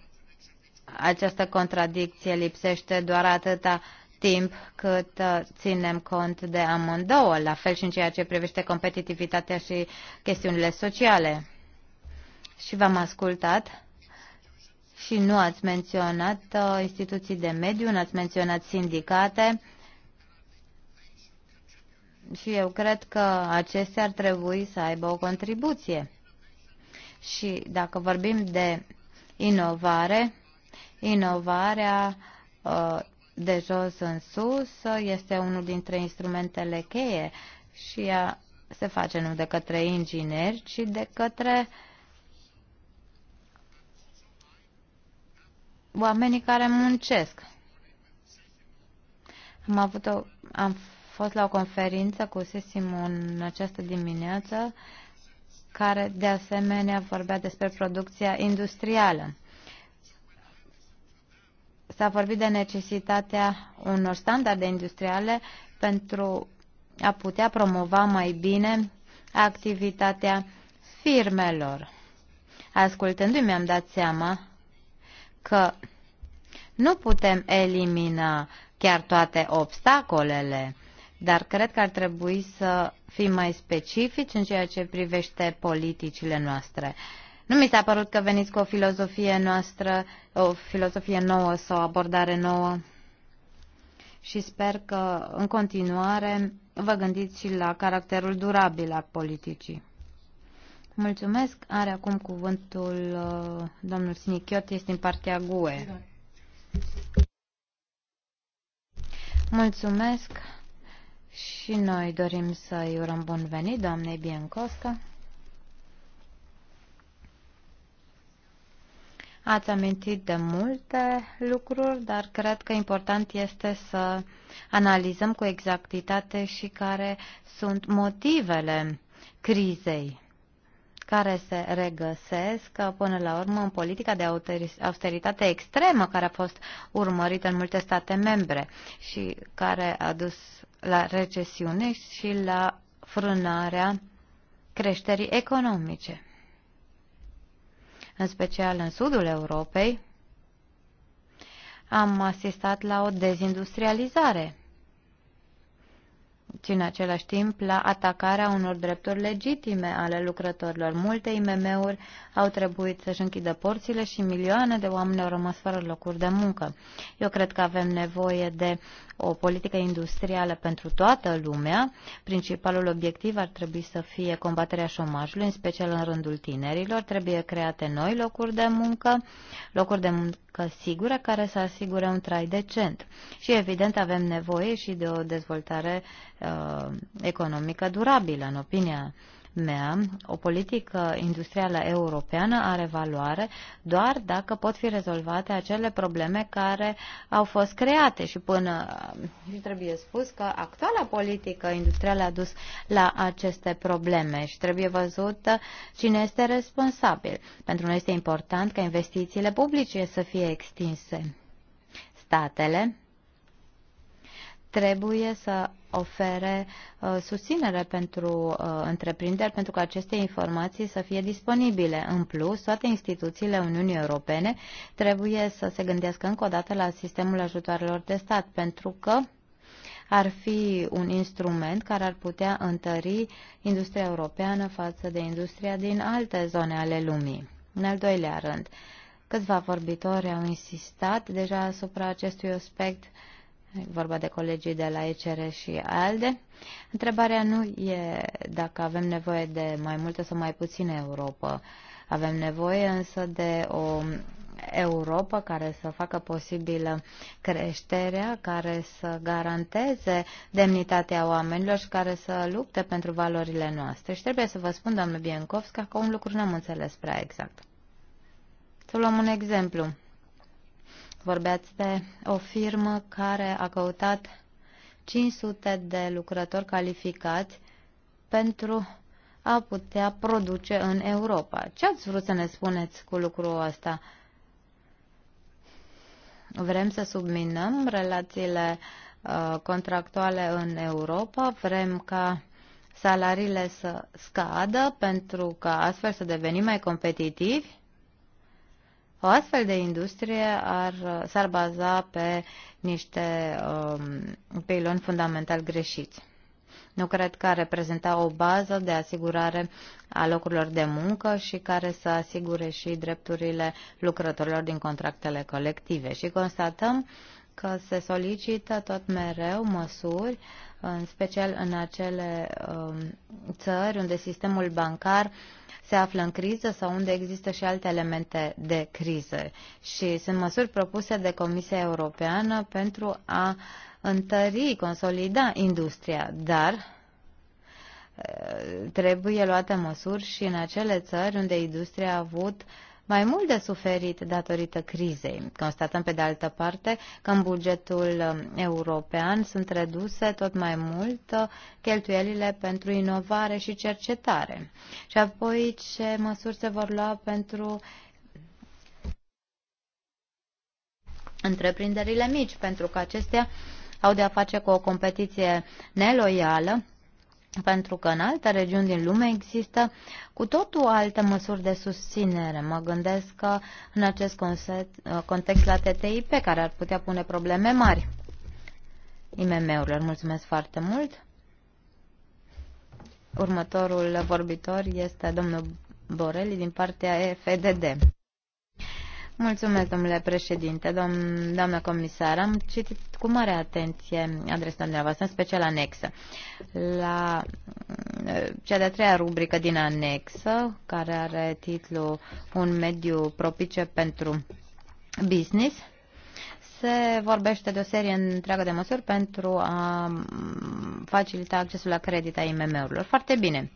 [SPEAKER 3] această contradicție lipsește doar atâta uh, timp cât uh, ținem cont de amândouă, la fel și în ceea ce privește competitivitatea și chestiunile sociale. Și v-am ascultat și nu ați menționat uh, instituții de mediu, nu ați menționat sindicate și eu cred că acestea ar trebui să aibă o contribuție. Și dacă vorbim de inovare, inovarea uh, de jos în sus este unul dintre instrumentele cheie și ea se face nu de către ingineri, ci de către oamenii care muncesc. Am avut o, am fost la o conferință cu Sesimun în această dimineață, care de asemenea vorbea despre producția industrială. S-a vorbit de necesitatea unor standarde industriale pentru a putea promova mai bine activitatea firmelor. Ascultându-mi am dat seama că nu putem elimina chiar toate obstacolele, dar cred că ar trebui să fim mai specifici în ceea ce privește politicile noastre. Uh, nu mi s-a părut că veniți cu o filozofie noastră, o filozofie nouă sau o abordare nouă. Și sper că în continuare vă gândiți și la caracterul durabil al politicii. Mulțumesc. Are acum cuvântul uh, domnul este din partea GUE. Mulțumesc și noi dorim să-i urăm bun venit, doamnei Biancosca. Ați amintit de multe lucruri, dar cred că important este să analizăm cu exactitate și care sunt motivele crizei care se regăsesc până la urmă în politica de austeritate extremă care a fost urmărită în multe state membre și care a dus la recesiune și la frânarea creșterii economice în special în sudul Europei, am asistat la o dezindustrializare ci în același timp la atacarea unor drepturi legitime ale lucrătorilor. Multe IMM-uri au trebuit să-și închidă porțile și milioane de oameni au rămas fără locuri de muncă. Eu cred că avem nevoie de o politică industrială pentru toată lumea. Principalul obiectiv ar trebui să fie combaterea șomajului, în special în rândul tinerilor. Trebuie create noi locuri de muncă, locuri de muncă sigură care să asigure un trai decent. Și evident avem nevoie și de o dezvoltare uh, economică durabilă, în opinia mea, o politică industrială europeană are valoare doar dacă pot fi rezolvate acele probleme care au fost create și până și uh, trebuie spus că actuala politică industrială a dus la aceste probleme și trebuie văzut uh, cine este responsabil. Pentru noi este important ca investițiile publice să fie extinse. Statele, trebuie să ofere uh, susținere pentru uh, întreprinderi pentru că aceste informații să fie disponibile. În plus, toate instituțiile Uniunii Europene trebuie să se gândească încă o dată la sistemul ajutoarelor de stat pentru că ar fi un instrument care ar putea întări industria europeană față de industria din alte zone ale lumii. În al doilea rând, câțiva vorbitori au insistat deja asupra acestui aspect uh, e vorba de colegii de la ECR și ALDE. Întrebarea nu e dacă avem nevoie de mai multă sau mai puțină Europa. Avem nevoie însă de o Europa care să facă posibilă creșterea, care să garanteze demnitatea oamenilor și care să lupte pentru valorile noastre. Și trebuie să vă spun, doamnă Biencovska, că un lucru n-am înțeles prea exact. Să luăm un exemplu. Vorbeați de o firmă care a căutat 500 de lucrători calificați pentru a putea produce în Europa. Ce ați vrut să ne spuneți cu lucrul ăsta? Vrem să subminăm relațiile uh, contractuale în Europa? Vrem ca salariile să scadă pentru ca astfel să devenim mai competitivi? O astfel de industrie ar, s-ar baza pe niște um, piloni fundamental greșiți. Nu cred că ar reprezenta o bază de asigurare a locurilor de muncă și care să asigure și drepturile lucrătorilor din contractele colective. Și constatăm că se solicită tot mereu măsuri, în special în acele um, țări unde sistemul bancar uh, se află în criză sau unde există și alte elemente de criză. Și sunt măsuri propuse de Comisia Europeană pentru a întări, consolida industria, dar uh, trebuie luate măsuri și în acele țări unde industria a avut mai mult de suferit datorită crizei. Constatăm, pe de altă parte, că în bugetul um, european sunt reduse tot mai mult uh, cheltuielile pentru inovare și cercetare. Și apoi ce măsuri se vor lua pentru întreprinderile mici, pentru că acestea au de a face cu o competiție neloială pentru că în alte regiuni din lume există cu totul alte măsuri de susținere. Mă gândesc că în acest context la TTIP, care ar putea pune probleme mari IMM-urilor. Mulțumesc foarte mult! Următorul vorbitor este domnul Borelli din partea FDD. Mulțumesc, domnule președinte, domn, doamnă comisar. Am citit cu mare atenție adresa dumneavoastră, în special anexă. La cea de-a treia rubrică din anexă, care are titlul Un mediu propice pentru business, se vorbește de o serie întreagă de măsuri pentru a facilita accesul la credit a IMM-urilor. Foarte bine.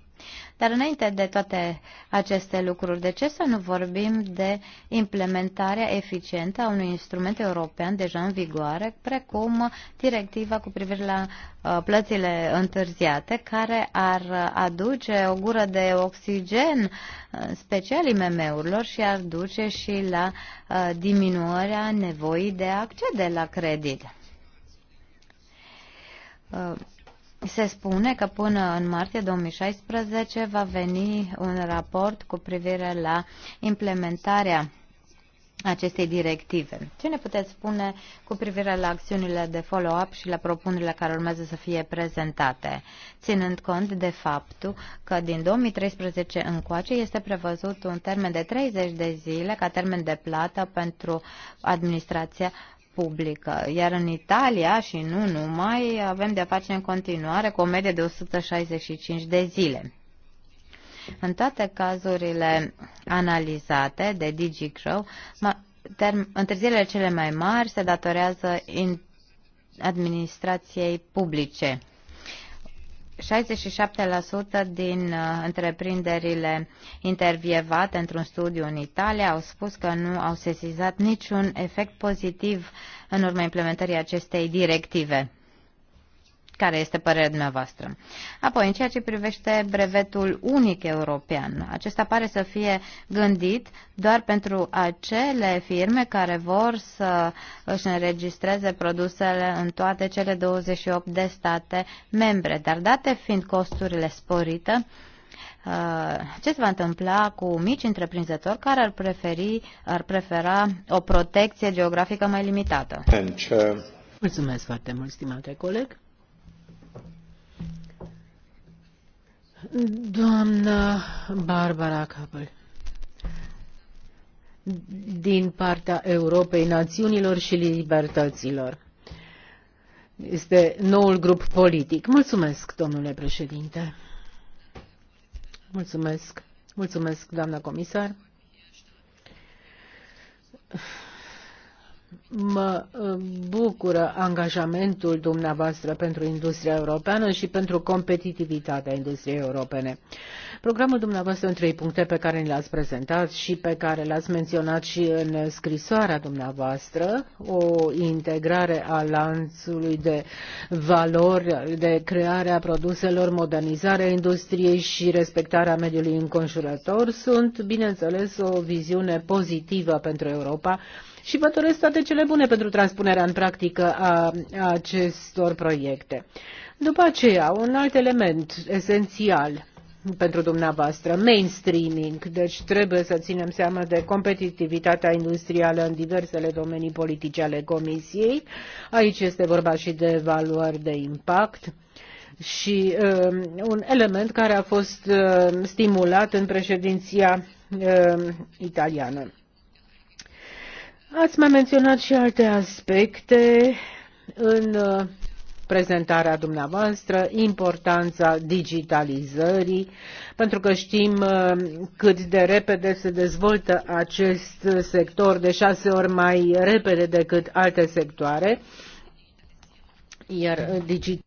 [SPEAKER 3] Dar înainte de toate aceste lucruri, de ce să nu vorbim de implementarea eficientă a unui instrument european deja în vigoare, precum directiva cu privire la uh, plățile întârziate, care ar aduce o gură de oxigen uh, special IMM-urilor și ar duce și la uh, diminuarea nevoii de a accede la credit se spune că până în martie 2016 va veni un raport cu privire la implementarea acestei directive. Ce ne puteți spune cu privire la acțiunile de follow-up și la propunerile care urmează să fie prezentate, ținând cont de faptul că din 2013 încoace este prevăzut un termen de 30 de zile ca termen de plată pentru administrația publică. Iar în Italia și nu numai, avem de-a face în continuare cu o medie de 165 de zile. În toate cazurile analizate de DigiCrow, întârzierile cele mai mari se datorează administrației publice. 67% din uh, întreprinderile intervievate într-un studiu în Italia au spus că nu au sesizat niciun efect pozitiv în urma implementării acestei directive. Care este părerea dumneavoastră? Apoi, în ceea ce privește brevetul unic european, acesta pare să fie gândit doar pentru acele firme care vor să își înregistreze produsele în toate cele 28 de state membre. Dar date fiind costurile sporite, uh, ce se va întâmpla cu mici întreprinzători care ar, preferi, ar prefera o protecție geografică mai limitată? Uh,
[SPEAKER 2] Mulțumesc foarte mult, stimate coleg. Doamna Barbara Capel din partea Europei Națiunilor și Libertăților. Este noul grup politic. Mulțumesc, domnule președinte. Mulțumesc. Mulțumesc, doamna comisar. Mă uh, bucură angajamentul dumneavoastră pentru industria europeană și pentru competitivitatea industriei europene. Programul dumneavoastră în trei puncte pe care ni l-ați prezentat și pe care l-ați menționat și în scrisoarea dumneavoastră, o integrare a lanțului de valori, de crearea produselor, modernizarea industriei și respectarea mediului înconjurător, sunt, bineînțeles, o viziune pozitivă pentru Europa și vă doresc toate cele bune pentru transpunerea în practică a acestor proiecte. După aceea, un alt element esențial pentru dumneavoastră, mainstreaming, deci trebuie să ținem seama de competitivitatea industrială în diversele domenii politice ale Comisiei. Aici este vorba și de valori de impact și um, un element care a fost uh, stimulat în președinția uh, italiană. Ați mai menționat și alte aspecte în uh, prezentarea dumneavoastră, importanța digitalizării, pentru că știm uh, cât de repede se dezvoltă acest sector, de șase ori mai repede decât alte sectoare,
[SPEAKER 3] iar uh, digital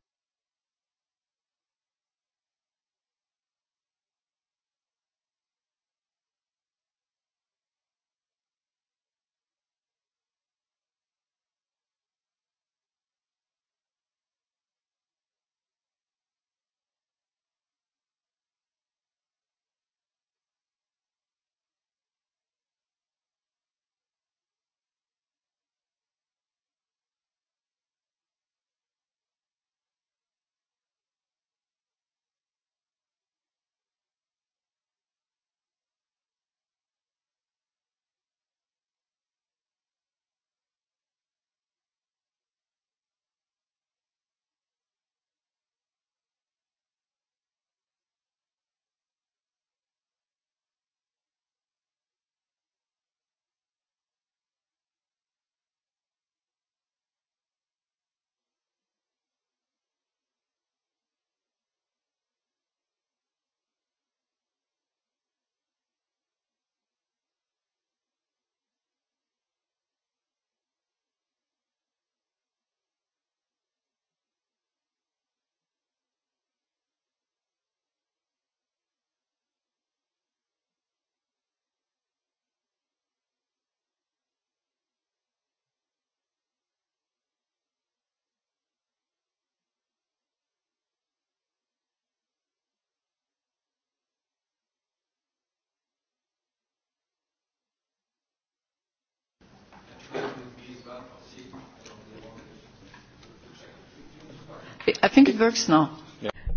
[SPEAKER 2] think it works now.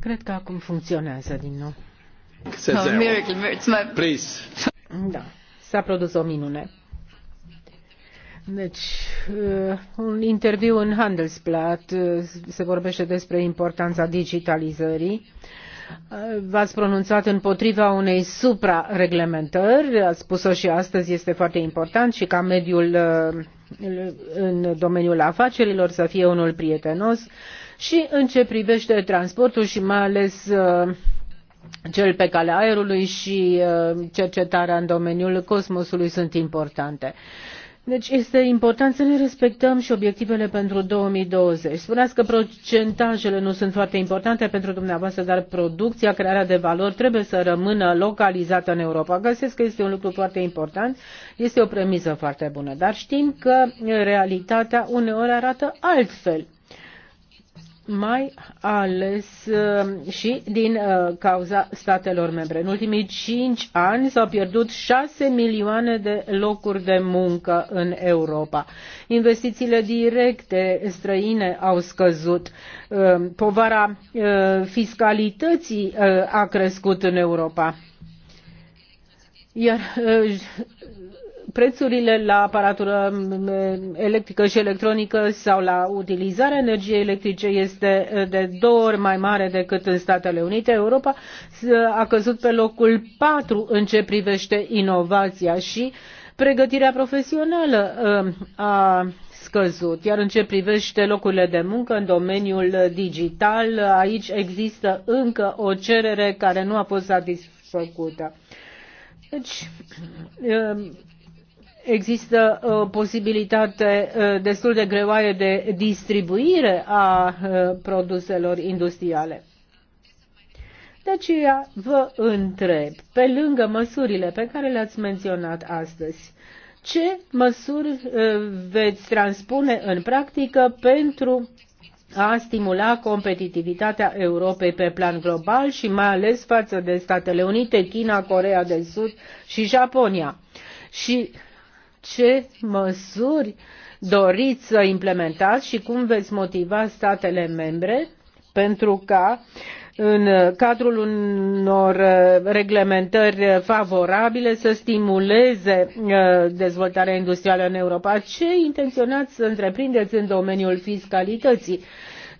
[SPEAKER 2] Cred că acum funcționează din nou. Oh, miracle, it's my... Please. Da, s-a produs o minune. Deci, uh, un interviu în Handelsblatt uh, se vorbește despre importanța digitalizării. Uh, v-ați pronunțat împotriva unei suprareglementări, ați spus-o și astăzi, este foarte important și ca mediul în domeniul afacerilor să fie unul prietenos și în ce privește transportul și mai ales uh, cel pe calea aerului și uh, cercetarea în domeniul cosmosului sunt importante. Deci este important să ne respectăm și obiectivele pentru 2020. Spuneați că procentajele nu sunt foarte importante pentru dumneavoastră, dar producția, crearea de valori trebuie să rămână localizată în Europa. Găsesc că este un lucru foarte important, este o premisă foarte bună, dar știm că realitatea uneori arată altfel mai ales uh, și din uh, cauza statelor membre. În ultimii cinci ani s-au pierdut șase milioane de locuri de muncă în Europa. Investițiile directe străine au scăzut. Uh, povara fiscalității a crescut în Europa. Iar prețurile la aparatură electrică și electronică sau la utilizarea energiei electrice este de două ori mai mare decât în Statele Unite. Europa a căzut pe locul patru în ce privește inovația și pregătirea profesională um, a scăzut. Iar în ce privește locurile de muncă în domeniul digital, aici există încă o cerere care nu a fost satisfăcută. Deci, um, există o uh, posibilitate uh, destul de greoaie de distribuire a uh, produselor industriale. De aceea vă întreb, pe lângă măsurile pe care le-ați menționat astăzi, ce măsuri veți transpune în practică pentru a stimula competitivitatea Europei pe plan global și mai ales față de Statele Unite, China, Corea de Sud și Japonia. Și ce măsuri doriți să implementați și cum veți motiva statele membre pentru ca în cadrul unor reglementări favorabile să stimuleze uh, dezvoltarea industrială în Europa. Ce intenționați să întreprindeți în domeniul fiscalității?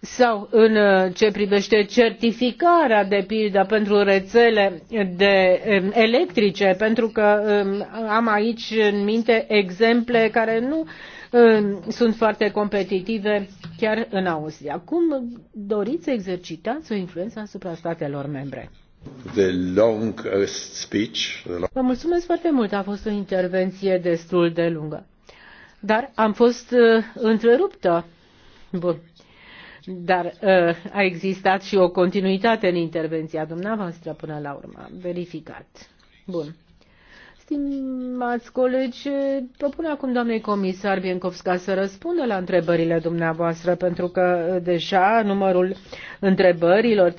[SPEAKER 2] sau în uh, ce privește certificarea de pildă pentru rețele de um, electrice, pentru că um, am aici în minte exemple care nu um, sunt foarte competitive chiar în Austria. Cum doriți să exercitați o influență asupra statelor membre? The long uh, speech, the long... Vă mulțumesc foarte mult, a fost o intervenție destul de lungă. Dar am fost uh, întreruptă. Bun. Dar uh, a existat și o continuitate în intervenția dumneavoastră până la urmă. Verificat. Bun. Stimați colegi, propun acum doamnei comisar Biencovska să răspundă la întrebările dumneavoastră, pentru că uh, deja numărul întrebărilor, 3-4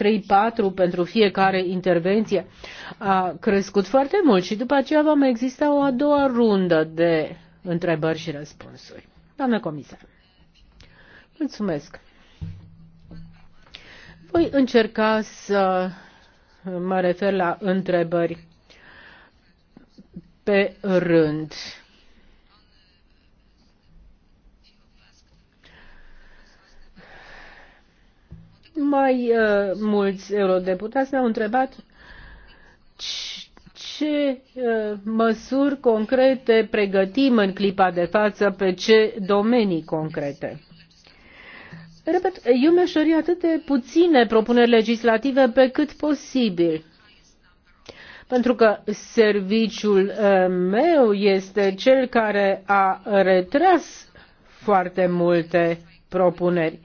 [SPEAKER 2] pentru fiecare intervenție, a crescut foarte mult și după aceea va mai exista o a doua rundă de întrebări și răspunsuri. Doamnă comisar, mulțumesc. Voi încerca să mă refer la întrebări pe rând. Mai uh, mulți eurodeputați ne-au întrebat ce uh, măsuri concrete pregătim în clipa de față, pe ce domenii concrete. Repet, eu mi-aș dori atât de puține propuneri legislative pe cât posibil. Pentru că serviciul uh, meu este cel care a retras foarte multe propuneri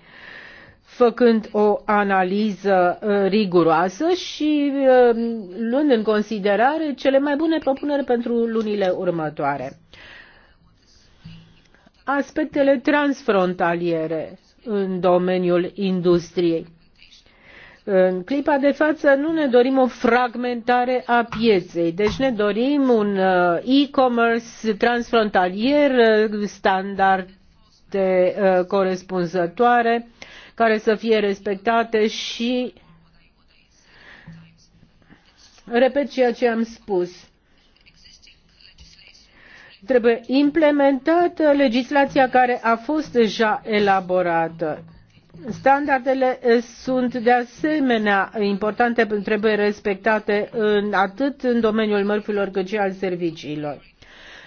[SPEAKER 2] făcând o analiză uh, riguroasă și uh, luând în considerare cele mai bune propuneri pentru lunile următoare. Aspectele transfrontaliere în domeniul industriei. În clipa de față nu ne dorim o fragmentare a pieței, deci ne dorim un uh, e-commerce transfrontalier, uh, standarde uh, corespunzătoare, care să fie respectate și repet ceea ce am spus trebuie implementată legislația care a fost deja elaborată. Standardele eh, sunt de asemenea importante, trebuie respectate în, atât în domeniul mărfurilor cât și al serviciilor.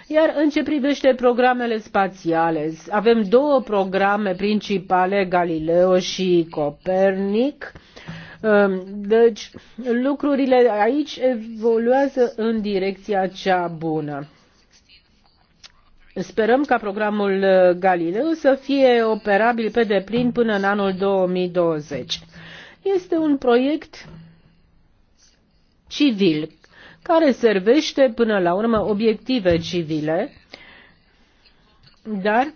[SPEAKER 2] Iar în ce privește programele spațiale, avem două programe principale, Galileo și Copernic. Ehm, deci lucrurile aici evoluează în direcția cea bună. Sperăm ca programul uh, Galileo să fie operabil pe deplin până în anul 2020. Este un proiect civil care servește până la urmă obiective civile, dar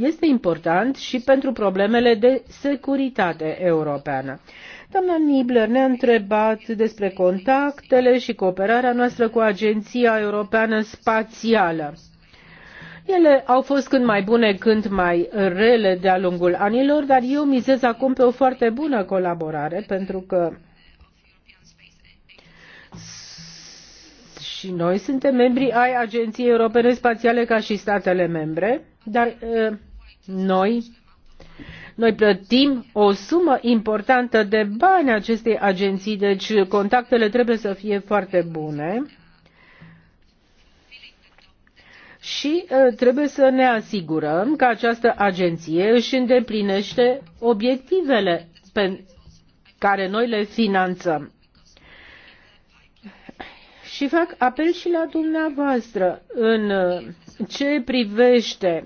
[SPEAKER 2] este important și pentru problemele de securitate europeană. Doamna Nibler ne-a întrebat despre contactele și cooperarea noastră cu Agenția Europeană Spațială. Ele au fost când mai bune, când mai rele de-a lungul anilor, dar eu mizez acum pe o foarte bună colaborare, pentru că și noi suntem membri ai Agenției Europene Spațiale ca și statele membre, dar noi noi plătim o sumă importantă de bani acestei agenții, deci contactele trebuie să fie foarte bune. și uh, trebuie să ne asigurăm că această agenție își îndeplinește obiectivele pe care noi le finanțăm. Și fac apel și la dumneavoastră în uh, ce privește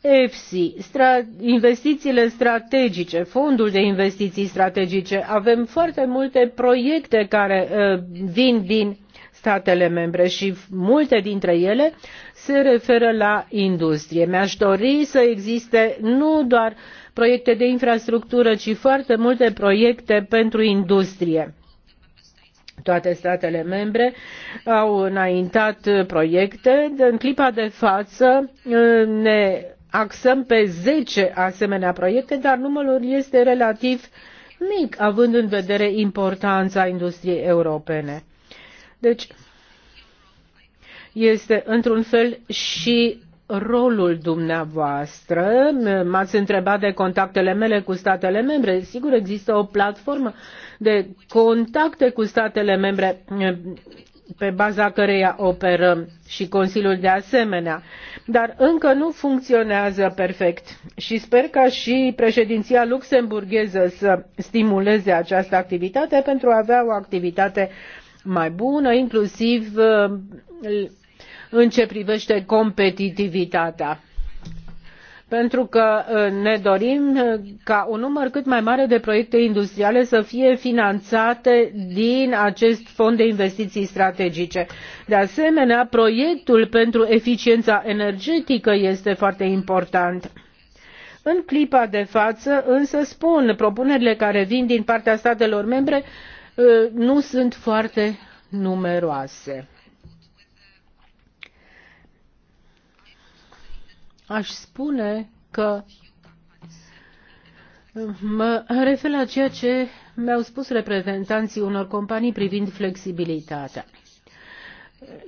[SPEAKER 2] EFSI, stra investițiile strategice, fondul de investiții strategice. Avem foarte multe proiecte care uh, vin din statele membre și multe dintre ele se referă la industrie. Mi-aș dori să existe nu doar proiecte de infrastructură, ci foarte multe proiecte pentru industrie. Toate statele membre au înaintat proiecte. În clipa de față ă, ne axăm pe 10 asemenea proiecte, dar numărul este relativ mic, având în vedere importanța industriei europene. Deci, este într-un fel și rolul dumneavoastră. M-ați întrebat de contactele mele cu statele membre. Sigur, există o platformă de contacte cu statele membre pe baza căreia operăm și Consiliul de asemenea, dar încă nu funcționează perfect și sper ca și președinția luxemburgheză să stimuleze această activitate pentru a avea o activitate mai bună, inclusiv uh, în ce privește competitivitatea pentru că uh, ne dorim uh, ca un număr cât mai mare de proiecte industriale să fie finanțate din acest fond de investiții strategice. De asemenea, proiectul pentru eficiența energetică este foarte important. În clipa de față, însă spun, propunerile care vin din partea statelor membre Ă, nu sunt foarte numeroase. Aș spune că mă refer la ceea ce mi-au spus reprezentanții unor companii privind flexibilitatea.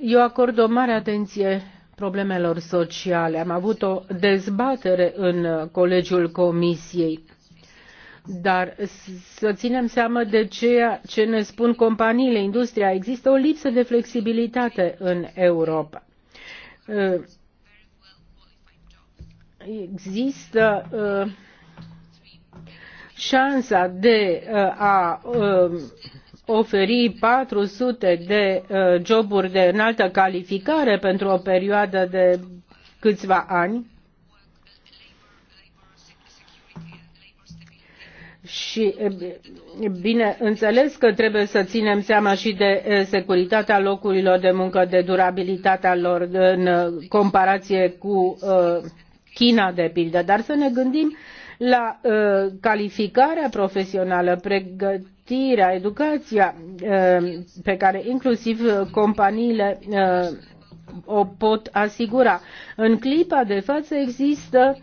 [SPEAKER 2] Eu acord o mare atenție problemelor sociale. Am avut o dezbatere în colegiul comisiei dar să ținem seama de ceea ce ne spun companiile, industria. Există o lipsă de flexibilitate în Europa. Există șansa de a oferi 400 de joburi de înaltă calificare pentru o perioadă de câțiva ani și bine înțeles că trebuie să ținem seama și de securitatea locurilor de muncă, de durabilitatea lor în comparație cu China, de pildă, dar să ne gândim la calificarea profesională, pregătirea, educația pe care inclusiv companiile o pot asigura. În clipa de față există uh,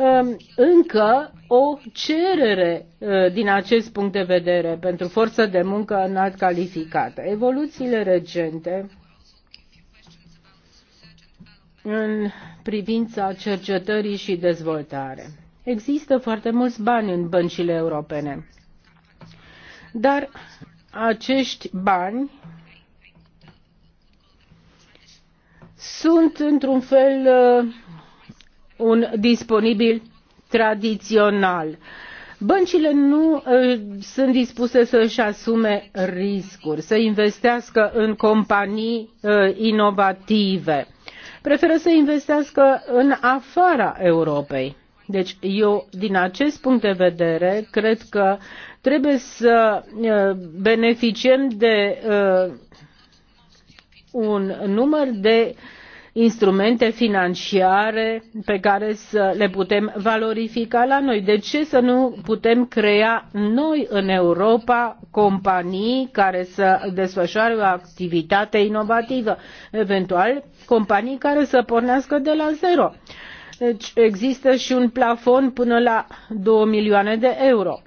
[SPEAKER 2] Um, încă o cerere uh, din acest punct de vedere pentru forță de muncă înalt calificată. Evoluțiile recente în privința cercetării și dezvoltare. Există foarte mulți bani în băncile europene, dar acești bani sunt într-un fel uh, un disponibil tradițional. Băncile nu uh, sunt dispuse să își asume riscuri, să investească în companii uh, inovative. Preferă să investească în afara Europei. Deci eu, din acest punct de vedere, cred că trebuie să ă, beneficiem de uh, un număr de uh, instrumente financiare pe care să le putem valorifica la noi. De ce să nu putem crea noi în Europa companii care să desfășoare o activitate inovativă, eventual companii care să pornească de la zero? Deci există și un plafon până la 2 milioane de euro.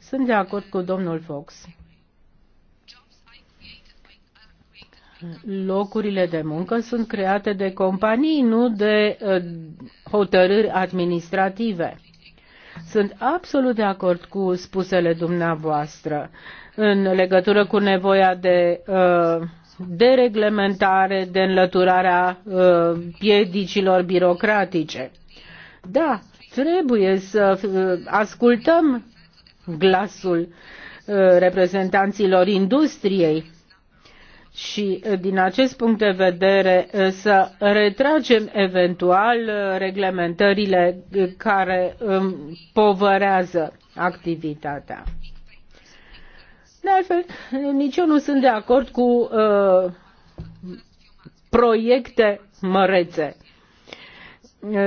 [SPEAKER 2] Sunt de acord cu domnul Fox locurile de muncă sunt create de companii, nu de uh, hotărâri administrative. Sunt absolut de acord cu spusele dumneavoastră în legătură cu nevoia de uh, dereglementare, de înlăturarea uh, piedicilor birocratice. Da, trebuie să ascultăm glasul reprezentanților industriei și din acest punct de vedere să retragem eventual reglementările care povărează activitatea. De altfel, nici eu nu sunt de acord cu proiecte mărețe.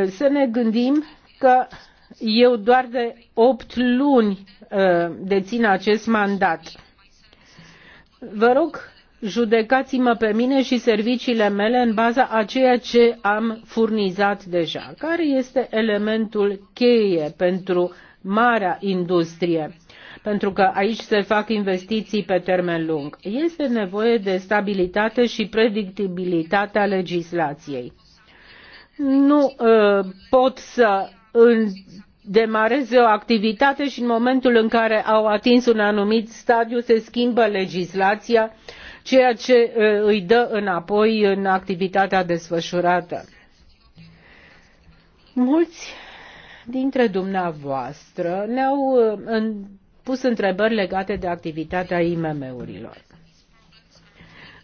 [SPEAKER 2] Să ne gândim că eu doar de 8 luni dețin acest mandat. Vă rog judecați-mă pe mine și serviciile mele în baza a ceea ce am furnizat deja. Care este elementul cheie pentru marea industrie? pentru că aici se fac investiții pe termen lung. Este nevoie de stabilitate și predictibilitatea legislației. Nu uh, pot să demareze o activitate și în momentul în care au atins un anumit stadiu se schimbă legislația uh, ceea ce uh, îi dă înapoi în activitatea desfășurată. Mulți dintre dumneavoastră ne-au uh, pus întrebări legate de activitatea IMM-urilor.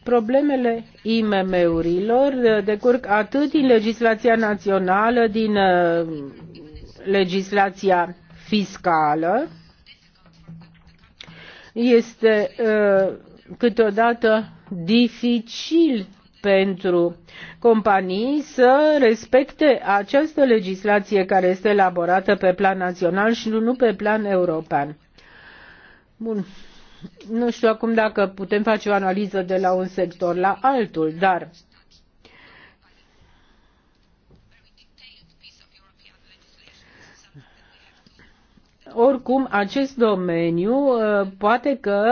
[SPEAKER 2] Problemele IMM-urilor uh, decurg atât din legislația națională, din legislația fiscală, este uh, câteodată dificil pentru companii să respecte această legislație care este elaborată pe plan național și nu nu pe plan european. Bun. Nu știu acum dacă putem face o analiză de la un sector la altul, dar oricum acest domeniu uh, poate că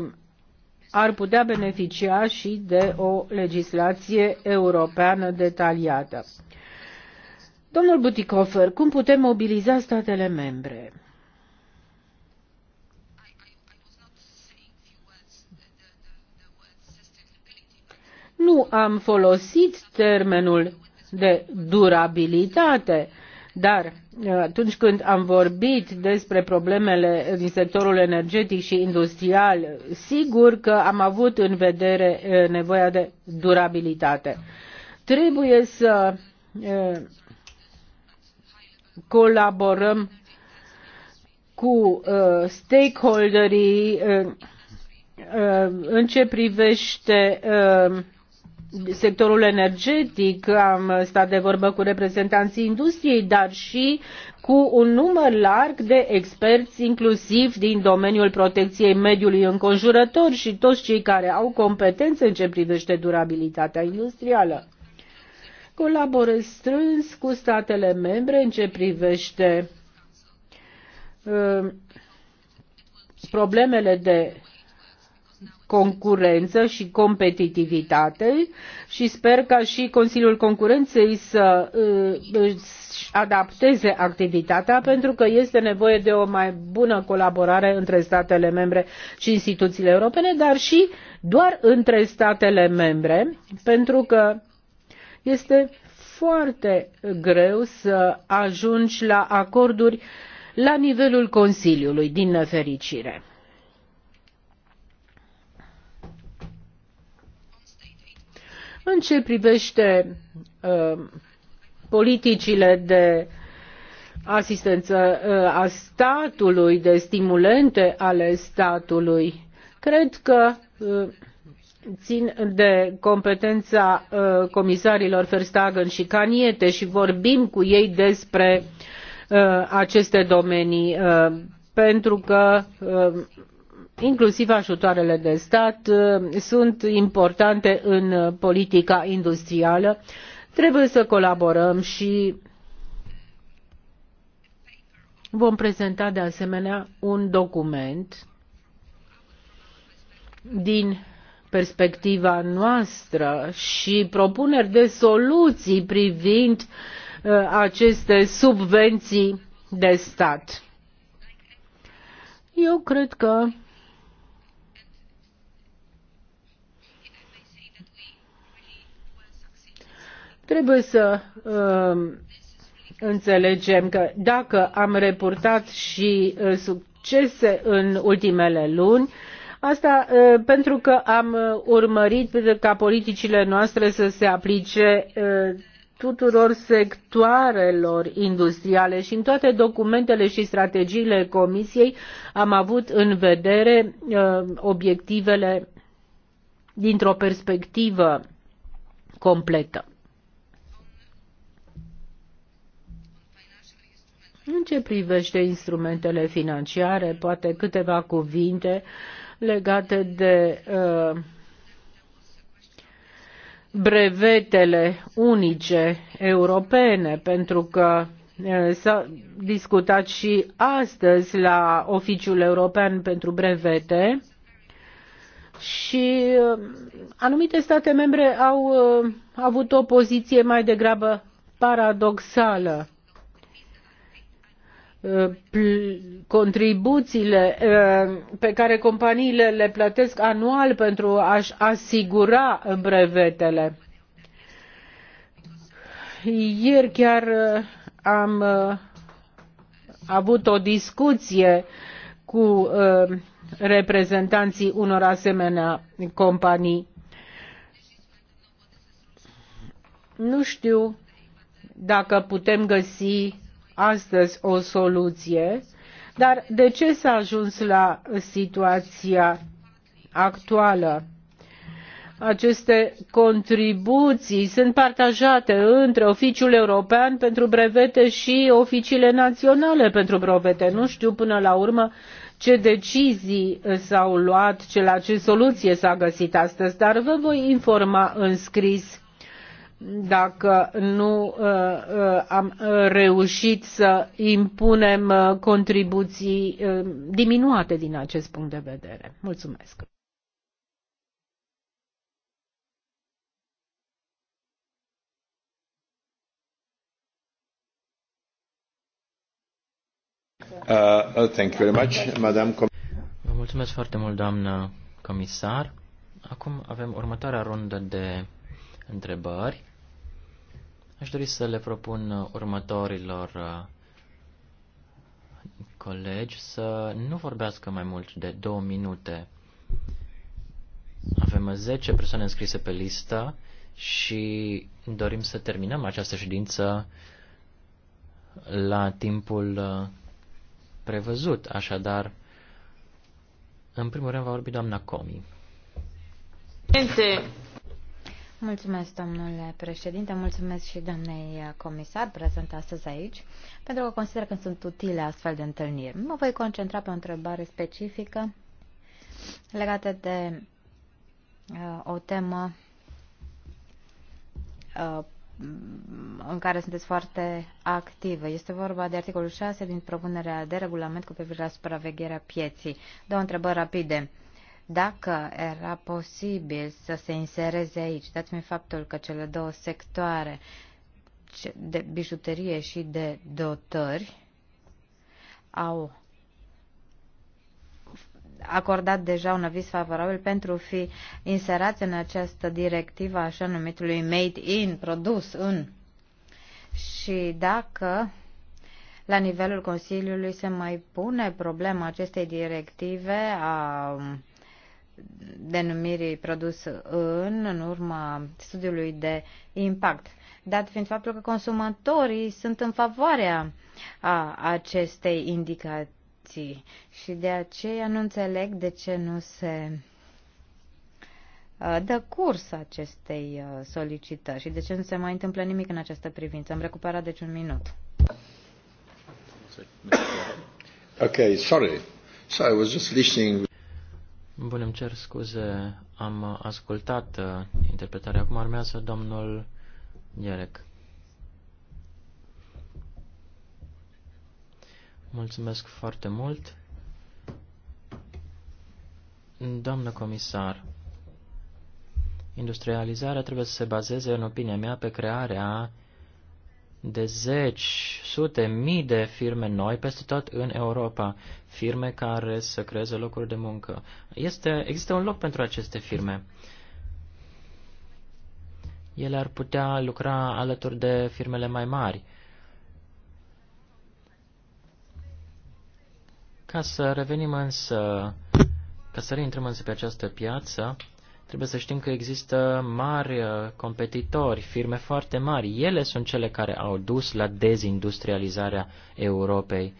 [SPEAKER 2] uh, ar putea beneficia și de o legislație europeană detaliată. Domnul Butikofer, cum putem mobiliza statele membre? Nu am folosit termenul de durabilitate, dar uh, atunci când am vorbit despre problemele din sectorul energetic și industrial, sigur că am avut în vedere uh, nevoia de durabilitate. Trebuie să uh, colaborăm cu stakeholderii în ce privește sectorul energetic, am stat de vorbă cu reprezentanții industriei, dar și cu un număr larg de experți, inclusiv din domeniul protecției mediului înconjurător și toți cei care au competențe în ce privește durabilitatea industrială. Colaborez strâns cu statele membre în ce privește uh, problemele de concurență și competitivitate și sper ca și Consiliul Concurenței să uh, își adapteze activitatea pentru că este nevoie de o mai bună colaborare între statele membre și instituțiile europene, dar și doar între statele membre, pentru că este foarte greu să ajungi la acorduri la nivelul Consiliului, din nefericire. În ce privește uh, politicile de asistență uh, a statului, de stimulente ale statului, cred că uh, țin de competența uh, comisarilor Verstagen și Caniete și vorbim cu ei despre uh, aceste domenii uh, pentru că inclusiv ajutoarele de stat, uh, sunt importante în uh, politica industrială. Trebuie să colaborăm și vom prezenta de asemenea un document din perspectiva noastră și propuneri de soluții privind uh, aceste subvenții de stat. Eu cred că Trebuie să uh, înțelegem că dacă am reportat și uh, succese în ultimele luni, Asta uh, pentru că am uh, urmărit ca politicile noastre să se aplice uh, tuturor sectoarelor industriale și în toate documentele și strategiile Comisiei am avut în vedere obiectivele dintr-o perspectivă completă. În ce privește instrumentele financiare, poate câteva cuvinte legate de uh, brevetele unice europene, pentru că uh, s-a discutat și astăzi la Oficiul European pentru Brevete și uh, anumite state membre au avut o poziție mai degrabă paradoxală contribuțiile uh, pe care companiile le plătesc anual pentru a și asigura brevetele. Ieri chiar uh, am uh, avut o discuție cu reprezentanții unor asemenea companii. Nu știu dacă putem găsi astăzi o soluție, dar de ce s-a ajuns la situația actuală? Aceste contribuții sunt partajate între Oficiul European pentru Brevete și oficiile naționale pentru brevete. Nu știu până la urmă ce decizii s-au luat, ce la ce soluție s-a găsit astăzi, dar vă voi informa în scris dacă nu uh, uh, am uh, reușit să impunem contribuții diminuate din acest punct de vedere. Mulțumesc! Uh, thank you very much, Madam
[SPEAKER 1] Vă mulțumesc foarte mult, doamnă comisar. Acum avem următoarea rundă de întrebări. Aș dori să le propun uh, următorilor uh, colegi să nu vorbească mai mult de două minute. Avem 10 uh, persoane înscrise pe listă și dorim să terminăm această ședință la timpul prevăzut. Așadar, în primul rând va vorbi doamna Comi.
[SPEAKER 3] Mulțumesc, domnule președinte, mulțumesc și doamnei comisar prezent astăzi aici, pentru că consider că sunt utile astfel de întâlniri. Mă voi concentra pe o întrebare specifică legată de uh, o temă uh, în care sunteți foarte activă. Este vorba de articolul 6 din propunerea de regulament cu privire la supravegherea pieții. Două întrebări rapide. Uh, dacă era posibil să se insereze aici, dați-mi faptul că cele două sectoare de bijuterie și de dotări au acordat deja un aviz favorabil pentru a fi inserați în această directivă așa numitului made in, produs în. Și dacă la nivelul Consiliului se mai pune problema acestei directive a denumirii produs în, în urma studiului de impact, dat fiind faptul că consumatorii sunt în favoarea a acestei indicații și de aceea nu înțeleg de ce nu se dă curs acestei solicitări și de ce nu se mai întâmplă nimic în această privință. Am recuperat deci un minut.
[SPEAKER 2] Okay, sorry. So I was just listening.
[SPEAKER 1] Bun, îmi cer scuze, am ascultat uh, interpretarea. Acum armează domnul Ierec. Mulțumesc foarte mult. Doamnă comisar, industrializarea trebuie să se bazeze, în opinia mea, pe crearea de zeci, sute, mii de firme noi peste tot în Europa, firme care să creeze locuri de muncă. Este, există un loc pentru aceste firme. Ele ar putea lucra alături de firmele mai mari. Ca să revenim însă, ca să reintrăm însă pe această piață, Trebuie să știm că există mari uh, competitori, firme foarte mari. Ele sunt cele care au dus la dezindustrializarea Europei.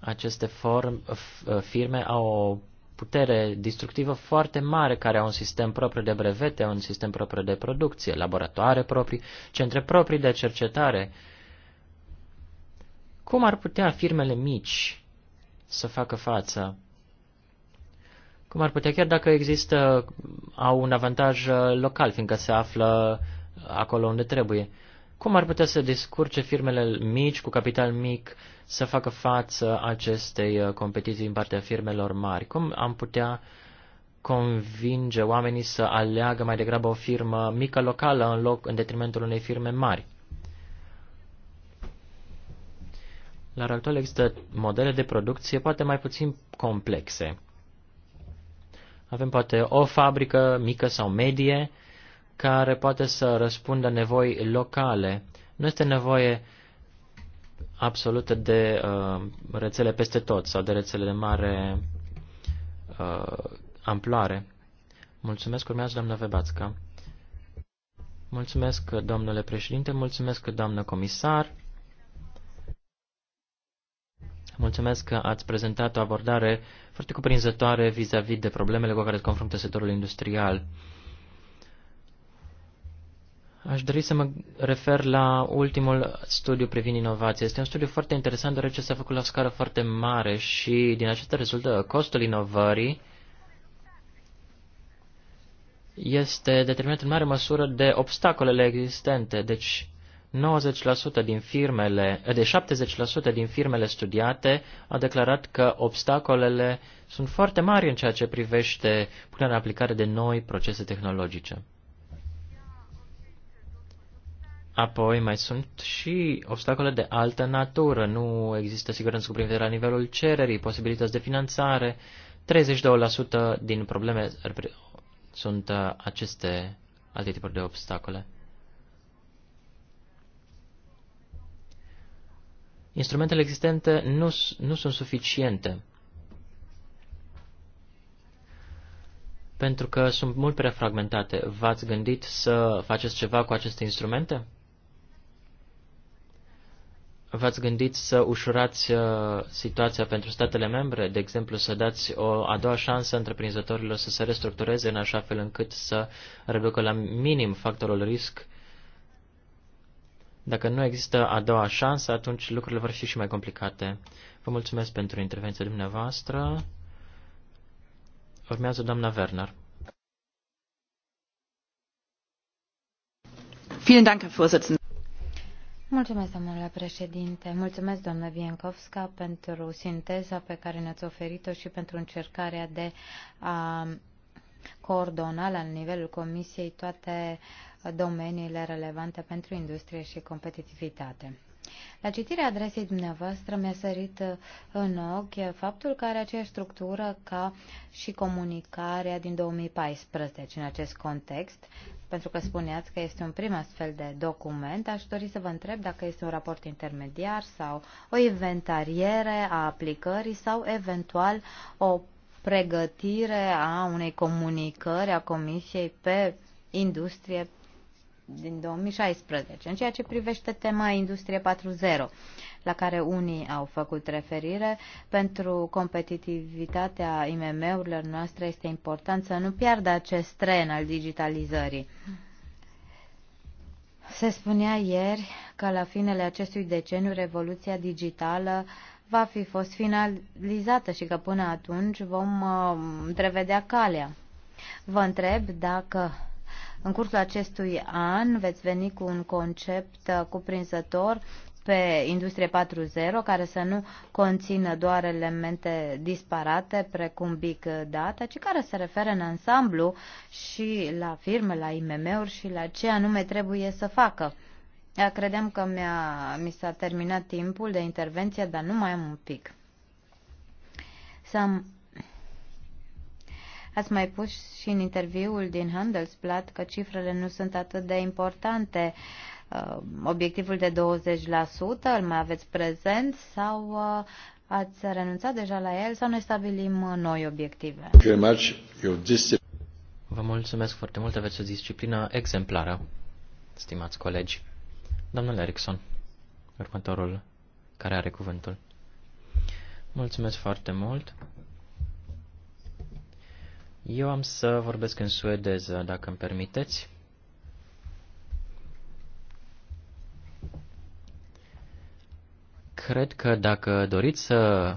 [SPEAKER 1] Aceste form, uh, uh, firme au o putere distructivă foarte mare, care au un sistem propriu de brevete, un sistem propriu de producție, laboratoare proprii, centre proprii de cercetare. Cum ar putea firmele mici să facă față cum ar putea, chiar dacă există, au un avantaj uh, local, fiindcă se află uh, acolo unde trebuie. Cum ar putea să descurce firmele mici, cu capital mic, să facă față acestei uh, competiții din partea firmelor mari? Cum am putea convinge oamenii să aleagă mai degrabă o firmă mică locală în loc în detrimentul unei firme mari? La actual există modele de producție poate mai puțin complexe avem poate o fabrică mică sau medie care poate să răspundă nevoi locale. Nu este nevoie absolută de uh, rețele peste tot sau de rețele de mare uh, amploare. Mulțumesc, urmează doamna Vebațca. Mulțumesc, domnule președinte, mulțumesc, doamnă comisar. Mulțumesc că ați prezentat o abordare foarte cuprinzătoare vis-a-vis -vis de problemele cu care se confruntă sectorul industrial. Aș dori să mă refer la ultimul studiu privind inovația. Este un studiu foarte interesant, deoarece s-a făcut la scară foarte mare și din acesta rezultă costul inovării este determinat în mare măsură de obstacolele existente. Deci, 90% din firmele, eh, de 70% din firmele studiate a declarat că obstacolele sunt foarte mari în ceea ce privește punerea în aplicare de noi procese tehnologice. Apoi mai sunt și obstacole de altă natură. Nu există siguranță cu privire la nivelul cererii, posibilități de finanțare. 32% din probleme sunt eh, aceste alte tipuri de obstacole. Instrumentele existente nu, nu sunt suficiente. Pentru că sunt mult prea fragmentate. V-ați gândit să faceți ceva cu aceste instrumente? V-ați gândit să ușurați uh, situația pentru statele membre, de exemplu să dați o a doua șansă întreprinzătorilor să se restructureze în așa fel încât să reducă la minim factorul risc dacă nu există a doua șansă, atunci lucrurile vor fi și mai complicate. Vă mulțumesc pentru intervenția dumneavoastră. Urmează doamna Werner.
[SPEAKER 3] Mulțumesc, domnule președinte. Mulțumesc, doamnă Vienkovska, pentru sinteza pe care ne-ați oferit-o și pentru încercarea de a coordona la nivelul Comisiei toate uh, domeniile relevante pentru industrie și competitivitate. La citirea adresei dumneavoastră mi-a sărit uh, în ochi faptul că are aceeași structură ca și comunicarea din 2014 în acest context, pentru că spuneați că este un prim astfel de document, aș dori să vă întreb dacă este un raport intermediar sau o inventariere a aplicării sau eventual o pregătire a unei comunicări a Comisiei pe industrie din 2016. În ceea ce privește tema Industrie 4.0, la care unii au făcut referire, pentru competitivitatea IMM-urilor noastre este important să nu piardă acest tren al digitalizării. Se spunea ieri că la finele acestui deceniu revoluția digitală va fi fost finalizată și că până atunci vom uh, întrevedea calea. Vă întreb dacă în cursul acestui an veți veni cu un concept uh, cuprinzător pe Industrie 4.0, care să nu conțină doar elemente disparate, precum Big Data, ci care se referă în ansamblu și la firme, la IMM-uri și la ce anume trebuie să facă. Credeam că mi-a, mi s-a terminat timpul de intervenție, dar nu mai am un pic. Să Ați mai pus și în interviul din Handelsblatt că cifrele nu sunt atât de importante. Uh, obiectivul de 20% îl mai aveți prezent sau uh, ați renunțat deja la el sau ne stabilim uh, noi obiective?
[SPEAKER 1] Vă mulțumesc foarte mult, aveți o disciplină exemplară, stimați colegi. Domnule Erickson, următorul care are cuvântul. Mulțumesc foarte mult. Eu am să vorbesc în suedeză, dacă îmi permiteți. Cred că dacă doriți să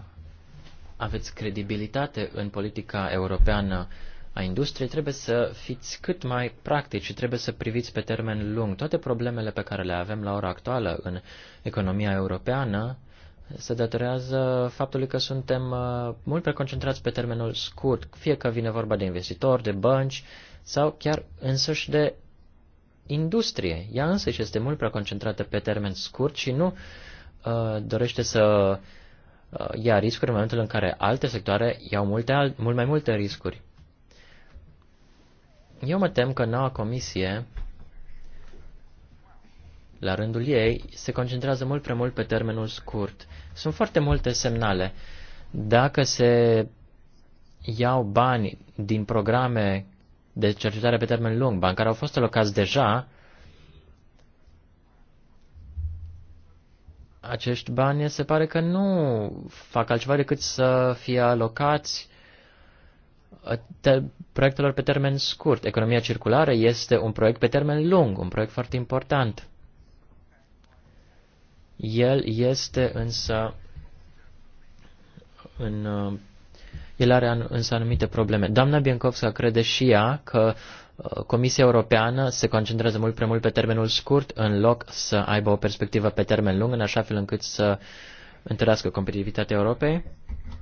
[SPEAKER 1] aveți credibilitate în politica europeană a industriei, trebuie să fiți cât mai practici și trebuie să priviți pe termen lung toate problemele pe care le avem la ora actuală în economia europeană se datorează faptului că suntem uh, mult prea concentrați pe termenul scurt, fie că vine vorba de investitori, de bănci sau chiar însăși de industrie. Ea însăși este mult prea concentrată pe termen scurt și nu uh, dorește să uh, ia riscuri în momentul în care alte sectoare iau multe, mult mai multe riscuri. Eu mă tem că noua comisie la rândul ei, se concentrează mult prea mult pe termenul scurt. Sunt foarte multe semnale. Dacă se iau bani din programe de cercetare pe termen lung, bani care au fost alocați deja, acești bani se pare că nu fac altceva decât să fie alocați uh, proiectelor pe termen scurt. Economia circulară este un proiect pe termen lung, un proiect foarte important. El este însă în, el are însă anumite probleme. Doamna Biencovska crede și ea că uh, Comisia Europeană se concentrează mult prea mult pe termenul scurt în loc să aibă o perspectivă pe termen lung, în așa fel încât să întărească competitivitatea Europei.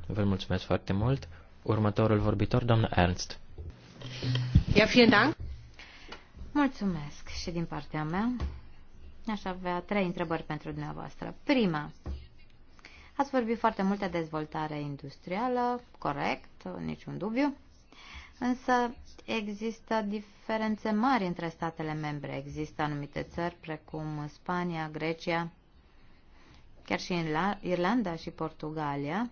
[SPEAKER 1] Vă mulțumesc foarte mult. Următorul vorbitor, doamna Ernst.
[SPEAKER 3] Ja, vielen Dank. Mulțumesc și din partea mea. Aș avea trei întrebări pentru dumneavoastră. Prima, ați vorbit foarte mult de dezvoltare industrială, corect, niciun dubiu, însă există diferențe mari între statele membre. Există anumite țări precum Spania, Grecia, chiar și Irlanda și Portugalia,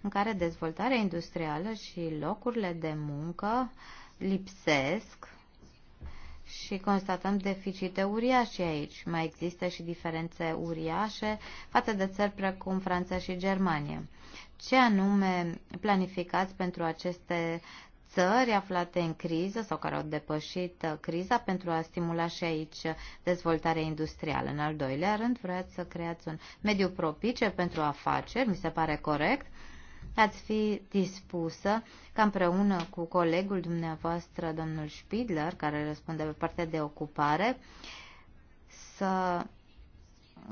[SPEAKER 3] în care dezvoltarea industrială și locurile de muncă lipsesc și constatăm deficite uriașe aici. Mai există și diferențe uriașe față de țări precum Franța și Germania. Ce anume planificați pentru aceste țări aflate în criză sau care au depășit uh, criza pentru a stimula și aici dezvoltarea industrială. În al doilea rând, vreați să creați un mediu propice pentru afaceri, mi se pare corect, ați fi dispusă ca împreună cu colegul dumneavoastră, domnul Spidler, care răspunde pe partea de ocupare, să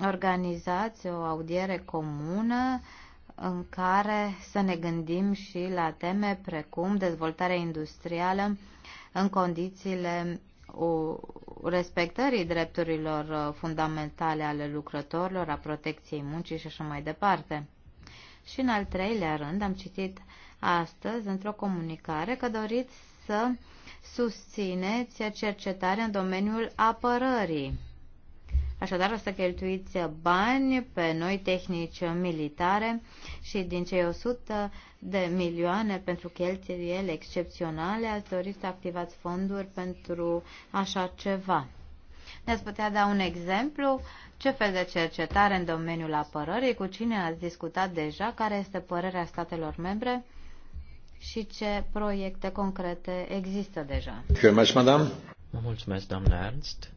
[SPEAKER 3] organizați o audiere comună în care să ne gândim și la teme precum dezvoltarea industrială în condițiile respectării drepturilor fundamentale ale lucrătorilor, a protecției muncii și așa mai departe. Și în al treilea rând, am citit astăzi într-o comunicare că doriți să susțineți cercetarea în domeniul apărării. Așadar, o să cheltuiți bani pe noi tehnici militare și din cei 100 de milioane pentru cheltuieli excepționale ați dorit să activați fonduri pentru așa ceva. Ne-ați putea da un exemplu? Ce fel de cercetare în domeniul apărării? Cu cine ați discutat deja? Care este părerea statelor membre? Și ce proiecte concrete există deja?
[SPEAKER 1] Mulțumesc, madame. Mă mulțumesc, doamna Ernst.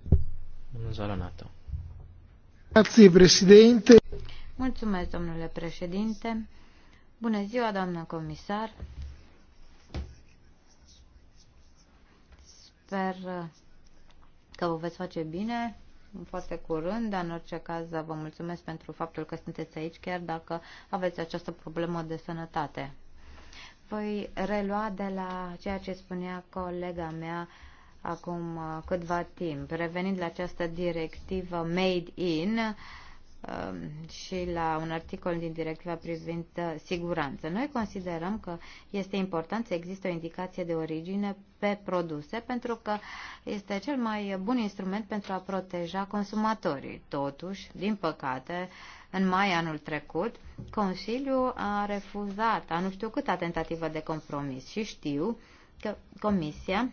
[SPEAKER 1] Domnul Zalanato. Grazie, președinte.
[SPEAKER 3] Mulțumesc, domnule președinte. Bună ziua, doamnă comisar. Sper că vă veți face bine foarte curând, dar în orice caz vă mulțumesc pentru faptul că sunteți aici, chiar dacă aveți această problemă de sănătate. Voi relua de la ceea ce spunea colega mea acum uh, câtva timp, revenind la această directivă Made In, uh, Um, și la un articol din directiva privind uh, siguranță. Noi considerăm că este important să existe o indicație de origine pe produse pentru că este cel mai bun instrument pentru a proteja consumatorii. Totuși, din păcate, în mai anul trecut, Consiliul a refuzat a nu știu câta tentativă de compromis și știu că Comisia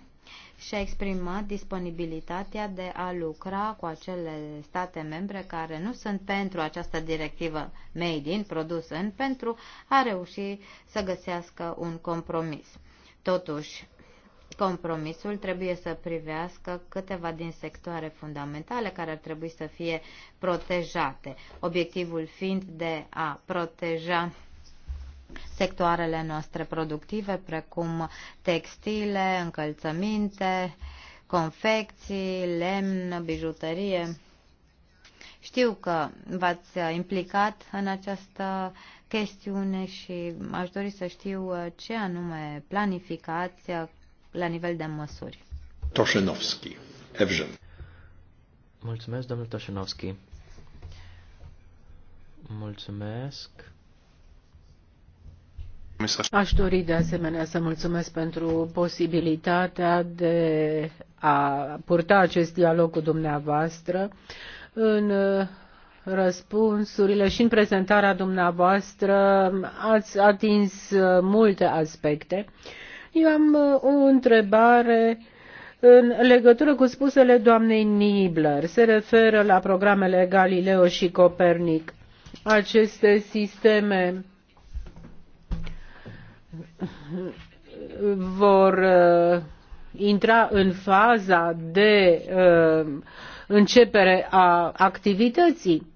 [SPEAKER 3] și-a exprimat disponibilitatea de a lucra cu acele state membre care nu sunt pentru această directivă made in, produs în, pentru a reuși să găsească un compromis. Totuși, Compromisul trebuie să privească câteva din sectoare fundamentale care ar trebui să fie protejate, obiectivul fiind de a proteja sectoarele noastre productive, precum textile, încălțăminte, confecții, lemn, bijuterie. Știu că v-ați implicat în această chestiune și aș dori să știu uh, ce anume planificați uh, la nivel de măsuri.
[SPEAKER 1] Toșenovski, Evgen. Mulțumesc, domnul Toșenovski. Mulțumesc.
[SPEAKER 2] Aș dori de asemenea să mulțumesc pentru posibilitatea de a purta acest dialog cu dumneavoastră în răspunsurile și în prezentarea dumneavoastră ați atins multe aspecte. Eu am o întrebare în legătură cu spusele doamnei Nibler. Se referă la programele Galileo și Copernic. Aceste sisteme vor uh, intra în faza de uh, începere a activității.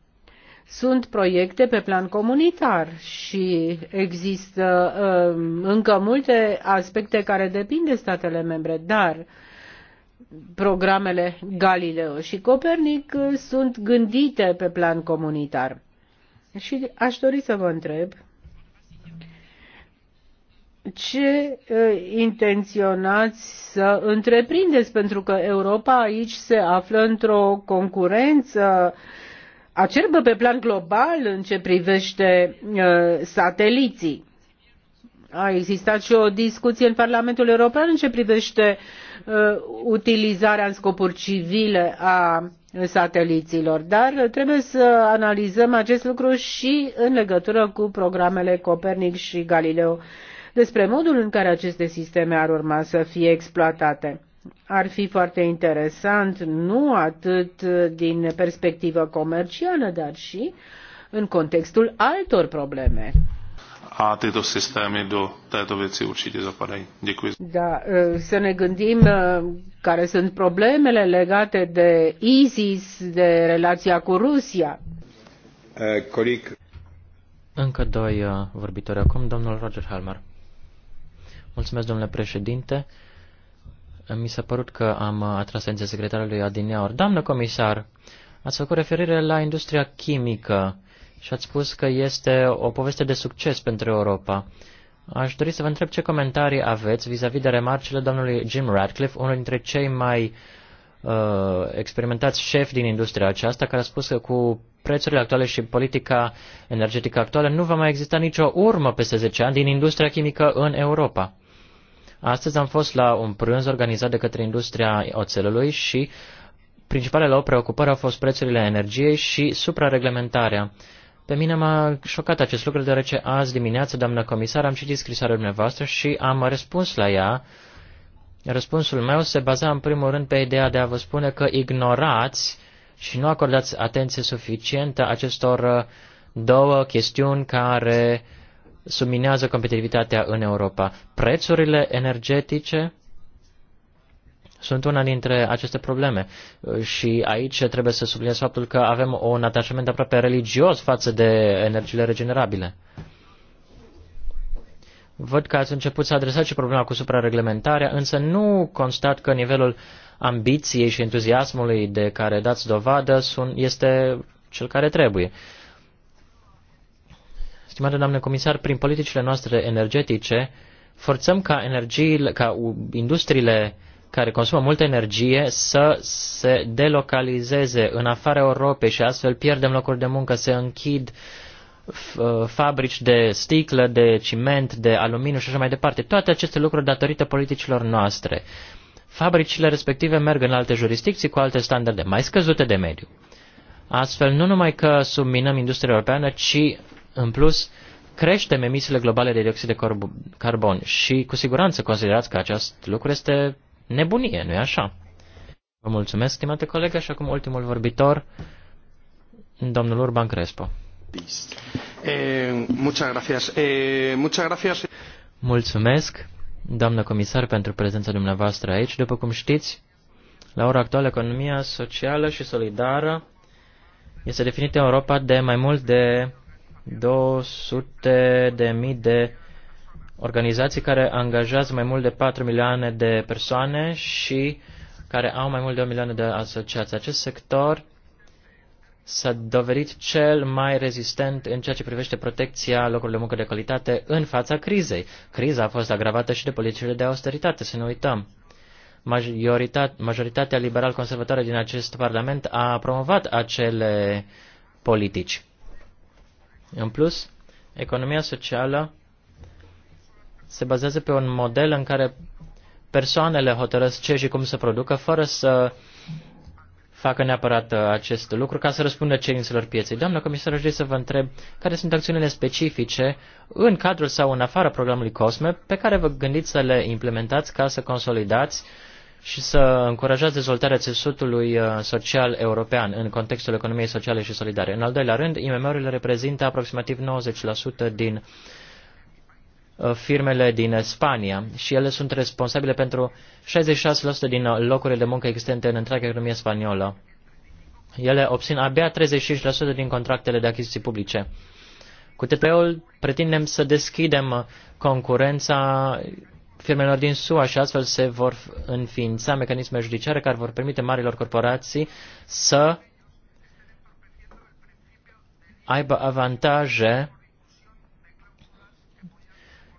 [SPEAKER 2] Sunt proiecte pe plan comunitar și există uh, încă multe aspecte care depind de statele membre, dar programele Galileo și Copernic sunt gândite pe plan comunitar. Și aș dori să vă întreb ce intenționați să întreprindeți, pentru că Europa aici se află într-o concurență acerbă pe plan global în ce privește sateliții. A existat și o discuție în Parlamentul European în ce privește utilizarea în scopuri civile a sateliților, dar trebuie să analizăm acest lucru și în legătură cu programele Copernic și Galileo despre modul în care aceste sisteme ar urma să fie exploatate. Ar fi foarte interesant, nu atât din perspectivă comercială, dar și în contextul altor probleme.
[SPEAKER 1] A tyto systémy
[SPEAKER 2] do této věci určitě zapadají. Děkuji. Da, să ne gândim care sunt problemele legate de ISIS, de relația cu Rusia.
[SPEAKER 1] Uh, colic. Încă doi vorbitori acum, domnul Roger Halmer. Mulțumesc, domnule președinte. Mi s-a părut că am atras atenția secretarului Adineaur. Doamnă comisar, ați făcut referire la industria chimică și ați spus că este o poveste de succes pentru Europa. Aș dori să vă întreb ce comentarii aveți vis-a-vis -vis de remarcile domnului Jim Radcliffe, unul dintre cei mai uh, experimentați șefi din industria aceasta, care a spus că cu prețurile actuale și politica energetică actuală nu va mai exista nicio urmă peste 10 ani din industria chimică în Europa. Astăzi am fost la un prânz organizat de către industria oțelului și principalele lor preocupări au fost prețurile energiei și suprareglementarea. Pe mine m-a șocat acest lucru, deoarece azi dimineață, doamnă comisar, am citit scrisoarea dumneavoastră și am răspuns la ea. Răspunsul meu se baza în primul rând pe ideea de a vă spune că ignorați și nu acordați atenție suficientă acestor uh, două chestiuni care uh, subminează competitivitatea în Europa. Prețurile energetice sunt una dintre aceste probleme și aici trebuie să subliniez faptul că avem un atașament aproape religios față de energiile regenerabile. Văd că ați început să adresați și problema cu suprareglementarea, însă nu constat că nivelul ambiției și entuziasmului de care dați dovadă sunt, este cel care trebuie. Uh, Stimate doamne comisar, prin politicile noastre energetice, forțăm ca, energiile, ca industriile care consumă multă energie să se delocalizeze în afara Europei și astfel pierdem locuri de muncă, se închid uh, fabrici de sticlă, de ciment, de aluminiu și așa mai departe. Toate aceste lucruri datorită politicilor noastre. Fabricile respective merg în alte jurisdicții cu alte standarde mai scăzute de mediu. Astfel, nu numai că subminăm industria europeană, ci în plus, creștem emisiile globale de dioxid de carbon și cu siguranță considerați că acest lucru este nebunie, nu-i așa? Vă mulțumesc, stimate colegă, și acum ultimul vorbitor, domnul Urban Crespo.
[SPEAKER 3] Eh, eh,
[SPEAKER 1] mulțumesc, doamnă comisar, pentru prezența dumneavoastră aici. După cum știți, la ora actuală, economia socială și solidară este definită în Europa de mai mult de 200 de mii de organizații care angajează mai mult de 4 milioane de persoane și care au mai mult de 1 milioane de asociații. Acest sector s-a dovedit cel mai rezistent în ceea ce privește protecția locurilor de muncă de calitate în fața crizei. Criza a fost agravată și de politicile de austeritate, să nu uităm. Majoritatea, majoritatea liberal-conservatoare din acest parlament a promovat acele politici. În plus, economia socială se bazează pe un model în care persoanele hotărăsc ce și cum să producă, fără să facă neapărat uh, acest lucru ca să răspundă cerințelor pieței. Doamna comisar, aș să vă întreb care sunt acțiunile specifice în cadrul sau în afara programului COSME pe care vă gândiți să le implementați ca să consolidați uh, și să încurajați dezvoltarea țesutului uh, social european în contextul economiei sociale și solidare. În al doilea rând, IMM-urile reprezintă aproximativ 90% din uh, firmele din Spania și ele sunt responsabile pentru 66% din uh, locurile de muncă existente în întreaga economie spaniolă. Ele obțin abia 35% din contractele de achiziții publice. Cu TPO-ul pretindem să deschidem concurența firmelor din SUA și astfel se vor înființa mecanisme judiciare care vor permite marilor corporații să aibă avantaje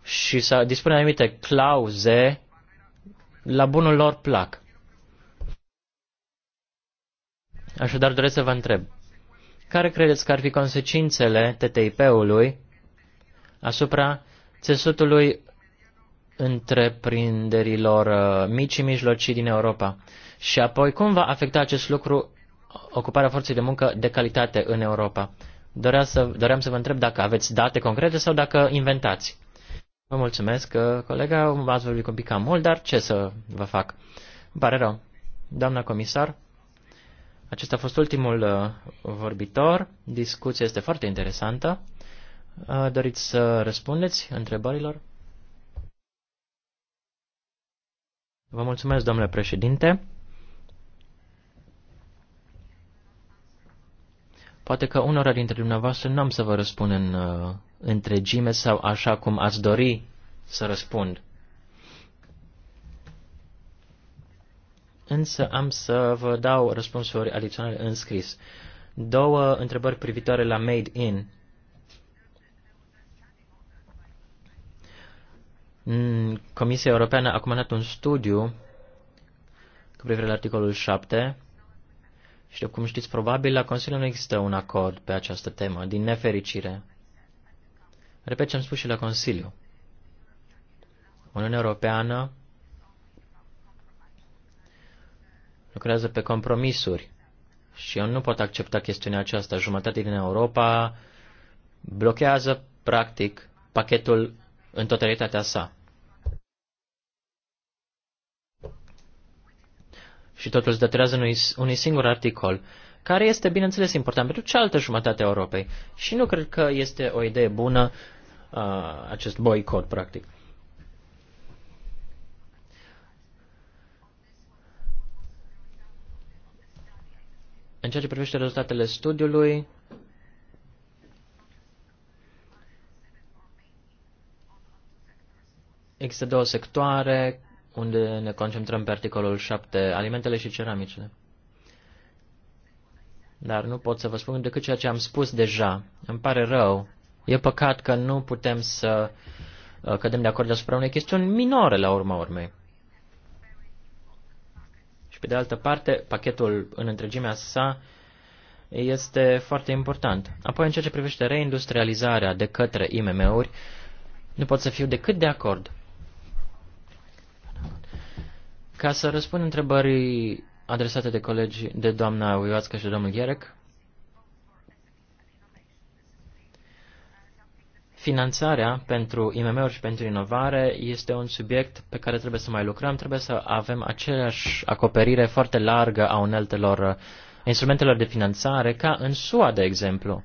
[SPEAKER 1] și să dispună anumite clauze la bunul lor plac. Așadar, doresc să vă întreb, care credeți că ar fi consecințele TTIP-ului asupra țesutului întreprinderilor uh, mici și mijlocii din Europa? Și apoi, cum va afecta acest lucru ocuparea forței de muncă de calitate în Europa? Dorea să, doream să vă întreb dacă aveți date concrete sau dacă inventați. Vă mulțumesc, uh, colega, ați vorbit un pic cam mult, dar ce să vă fac? Îmi pare rău. Doamna comisar, acesta a fost ultimul uh, vorbitor. Discuția este foarte interesantă. Doriți să răspundeți întrebărilor? Vă mulțumesc, domnule președinte. Poate că unora dintre dumneavoastră n-am să vă răspund în uh, întregime sau așa cum ați dori să răspund. Însă am să vă dau răspunsuri adiționale în scris. Două întrebări privitoare la Made In. Mm, Comisia Europeană a comandat un studiu cu privire la articolul 7 și, cum știți, probabil la Consiliu nu există un acord pe această temă, din nefericire. Repet ce am spus și la Consiliu. Uniunea Europeană lucrează pe compromisuri și eu nu pot accepta chestiunea aceasta. Jumătate din Europa blochează, practic, pachetul în totalitatea sa. și totul se datorează unui, unui singur articol, care este, bineînțeles, important pentru cealaltă jumătate a Europei. Și nu cred că este o idee bună uh, acest boicot, practic. În ceea ce privește rezultatele studiului, există două sectoare unde ne concentrăm pe articolul 7, alimentele și ceramicele. Dar nu pot să vă spun decât ceea ce am spus deja. Îmi pare rău. E păcat că nu putem să uh, cădem de acord asupra unei chestiuni minore la urma urmei. Și pe de altă parte, pachetul în întregimea sa este foarte important. Apoi, în ceea ce privește reindustrializarea de către IMM-uri, nu pot să fiu decât de acord. Ca să răspund întrebării adresate de colegi de doamna Uioască și de domnul Gherec, finanțarea pentru IMM-uri și pentru inovare este un subiect pe care trebuie să mai lucrăm, trebuie să avem aceeași acoperire foarte largă a uneltelor instrumentelor de finanțare ca în SUA, de exemplu.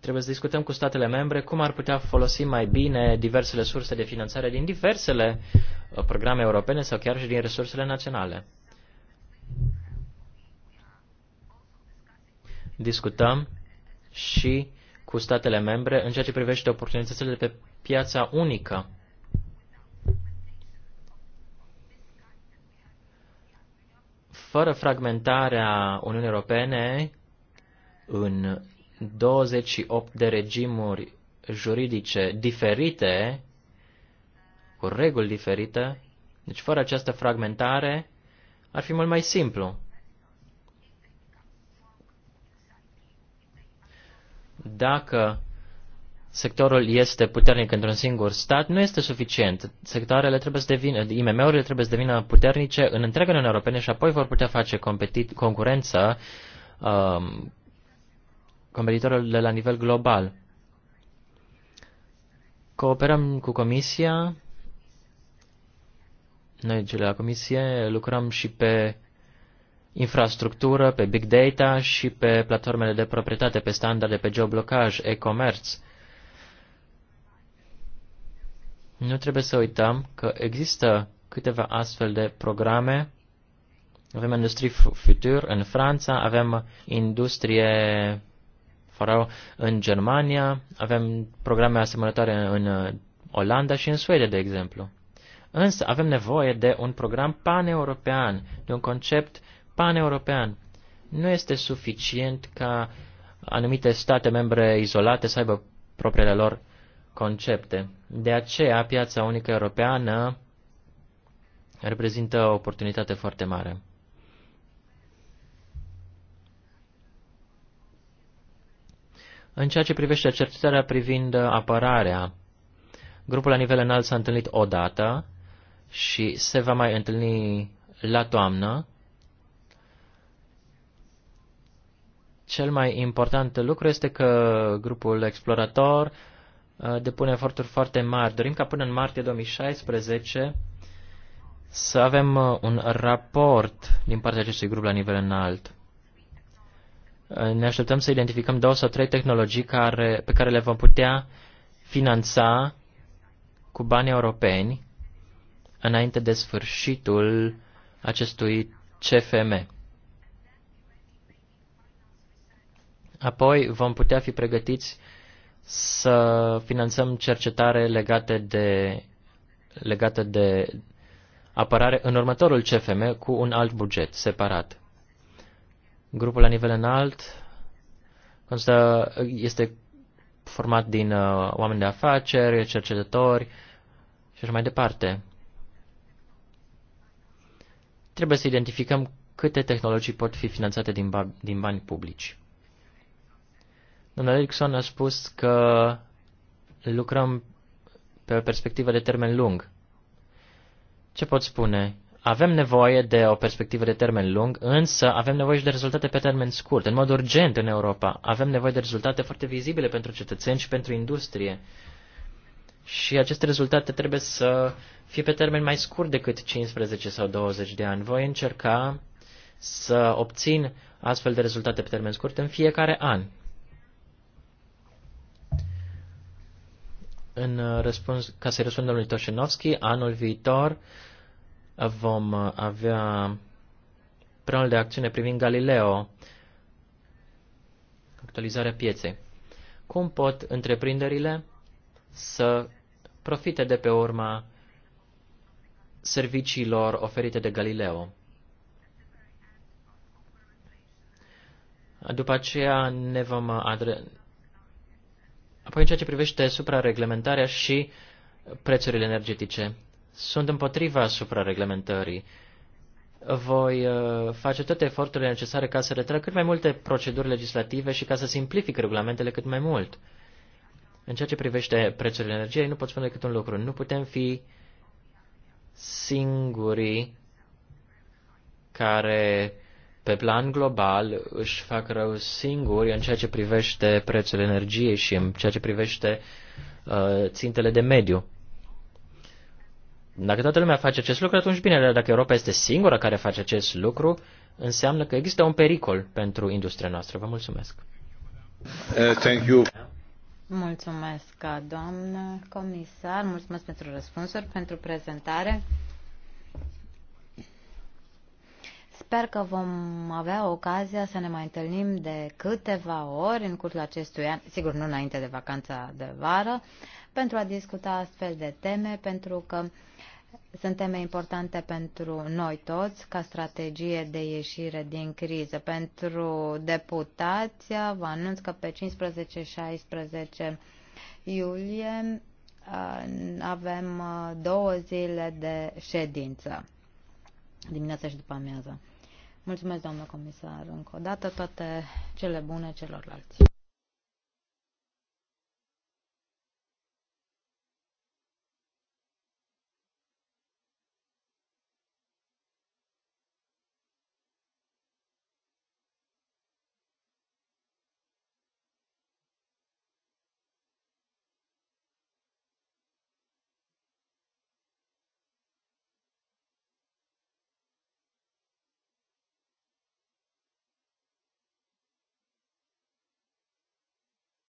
[SPEAKER 1] Trebuie să discutăm cu statele membre cum ar putea folosi mai bine diversele surse de finanțare din diversele uh, programe europene sau chiar și din resursele naționale. Discutăm și cu statele membre în ceea ce privește oportunitățile de pe piața unică. Fără fragmentarea Uniunii Europene în 28 de regimuri juridice diferite, cu reguli diferite, deci fără această fragmentare, ar fi mult mai simplu. Dacă sectorul este puternic într-un singur stat, nu este suficient. Sectoarele trebuie să devină, IMM-urile trebuie să devină puternice în întreaga Uniune Europene și apoi vor putea face concurență um, competitorilor la nivel global. Cooperăm cu Comisia, noi cele la Comisie lucrăm și pe infrastructură, pe big data și pe platformele de proprietate, pe standarde, pe geoblocaj, e-commerce. Nu trebuie să uităm că există câteva astfel de programe. Avem Industrie Futur în Franța, avem industrie farau în Germania, avem programe asemănătoare în uh, Olanda și în Suedia, de exemplu. Însă avem nevoie de un program paneuropean, de un concept paneuropean. Nu este suficient ca anumite state membre izolate să aibă propriile lor concepte. De aceea, piața unică europeană reprezintă o oportunitate foarte mare. În ceea ce privește cercetarea privind uh, apărarea, grupul la nivel înalt s-a întâlnit odată și se va mai întâlni la toamnă. Cel mai important lucru este că grupul explorator uh, depune eforturi foarte mari. Dorim ca până în martie 2016 să avem uh, un raport din partea acestui grup la nivel înalt. Uh, ne așteptăm să identificăm două sau trei tehnologii care, pe care le vom putea finanța cu bani europeni înainte de sfârșitul acestui CFM. Apoi vom putea fi pregătiți să finanțăm cercetare legate de, legate de apărare în următorul CFM cu un alt buget separat. Grupul la nivel înalt constă, este format din uh, oameni de afaceri, cercetători și așa mai departe. Trebuie să identificăm câte tehnologii pot fi finanțate din, ba- din bani publici. Domnul Erickson a spus că lucrăm pe o perspectivă de termen lung. Ce pot spune? Avem nevoie de o perspectivă de termen lung, însă avem nevoie și de rezultate pe termen scurt, în mod urgent în Europa. Avem nevoie de rezultate foarte vizibile pentru cetățeni și pentru industrie. Și aceste rezultate trebuie să fie pe termen mai scurt decât 15 sau 20 de ani. Voi încerca să obțin astfel de rezultate pe termen scurt în fiecare an. În răspuns, ca să-i răspundă lui Toșenovski, anul viitor vom uh, avea planul de acțiune privind Galileo, actualizarea pieței. Cum pot întreprinderile să profite de pe urma serviciilor oferite de Galileo? După aceea ne vom adre... Apoi în ceea ce privește suprareglementarea și prețurile energetice sunt împotriva suprareglementării. Voi uh, face toate eforturile necesare ca să retrag cât mai multe proceduri legislative și ca să simplific regulamentele cât mai mult. În ceea ce privește prețurile energiei, nu pot spune decât un lucru. Nu putem fi singurii care, pe plan global, își fac rău singuri în ceea ce privește prețul energiei și în ceea ce privește uh, țintele de mediu. Dacă toată lumea face acest lucru, atunci bine, dar dacă Europa este singura care face acest lucru, înseamnă că există un pericol pentru industria noastră. Vă mulțumesc. Uh, thank you.
[SPEAKER 3] Mulțumesc, doamnă comisar. Mulțumesc pentru răspunsuri, pentru prezentare. Sper că vom avea ocazia să ne mai întâlnim de câteva ori în cursul acestui an, sigur nu înainte de vacanța de vară, pentru a discuta astfel de teme, pentru că sunt teme importante pentru noi toți ca strategie de ieșire din criză. Pentru deputați vă anunț că pe 15-16 iulie uh, avem uh, două zile de ședință, dimineața și după amiază. Mulțumesc, doamnă comisar, încă o dată toate cele bune celorlalți.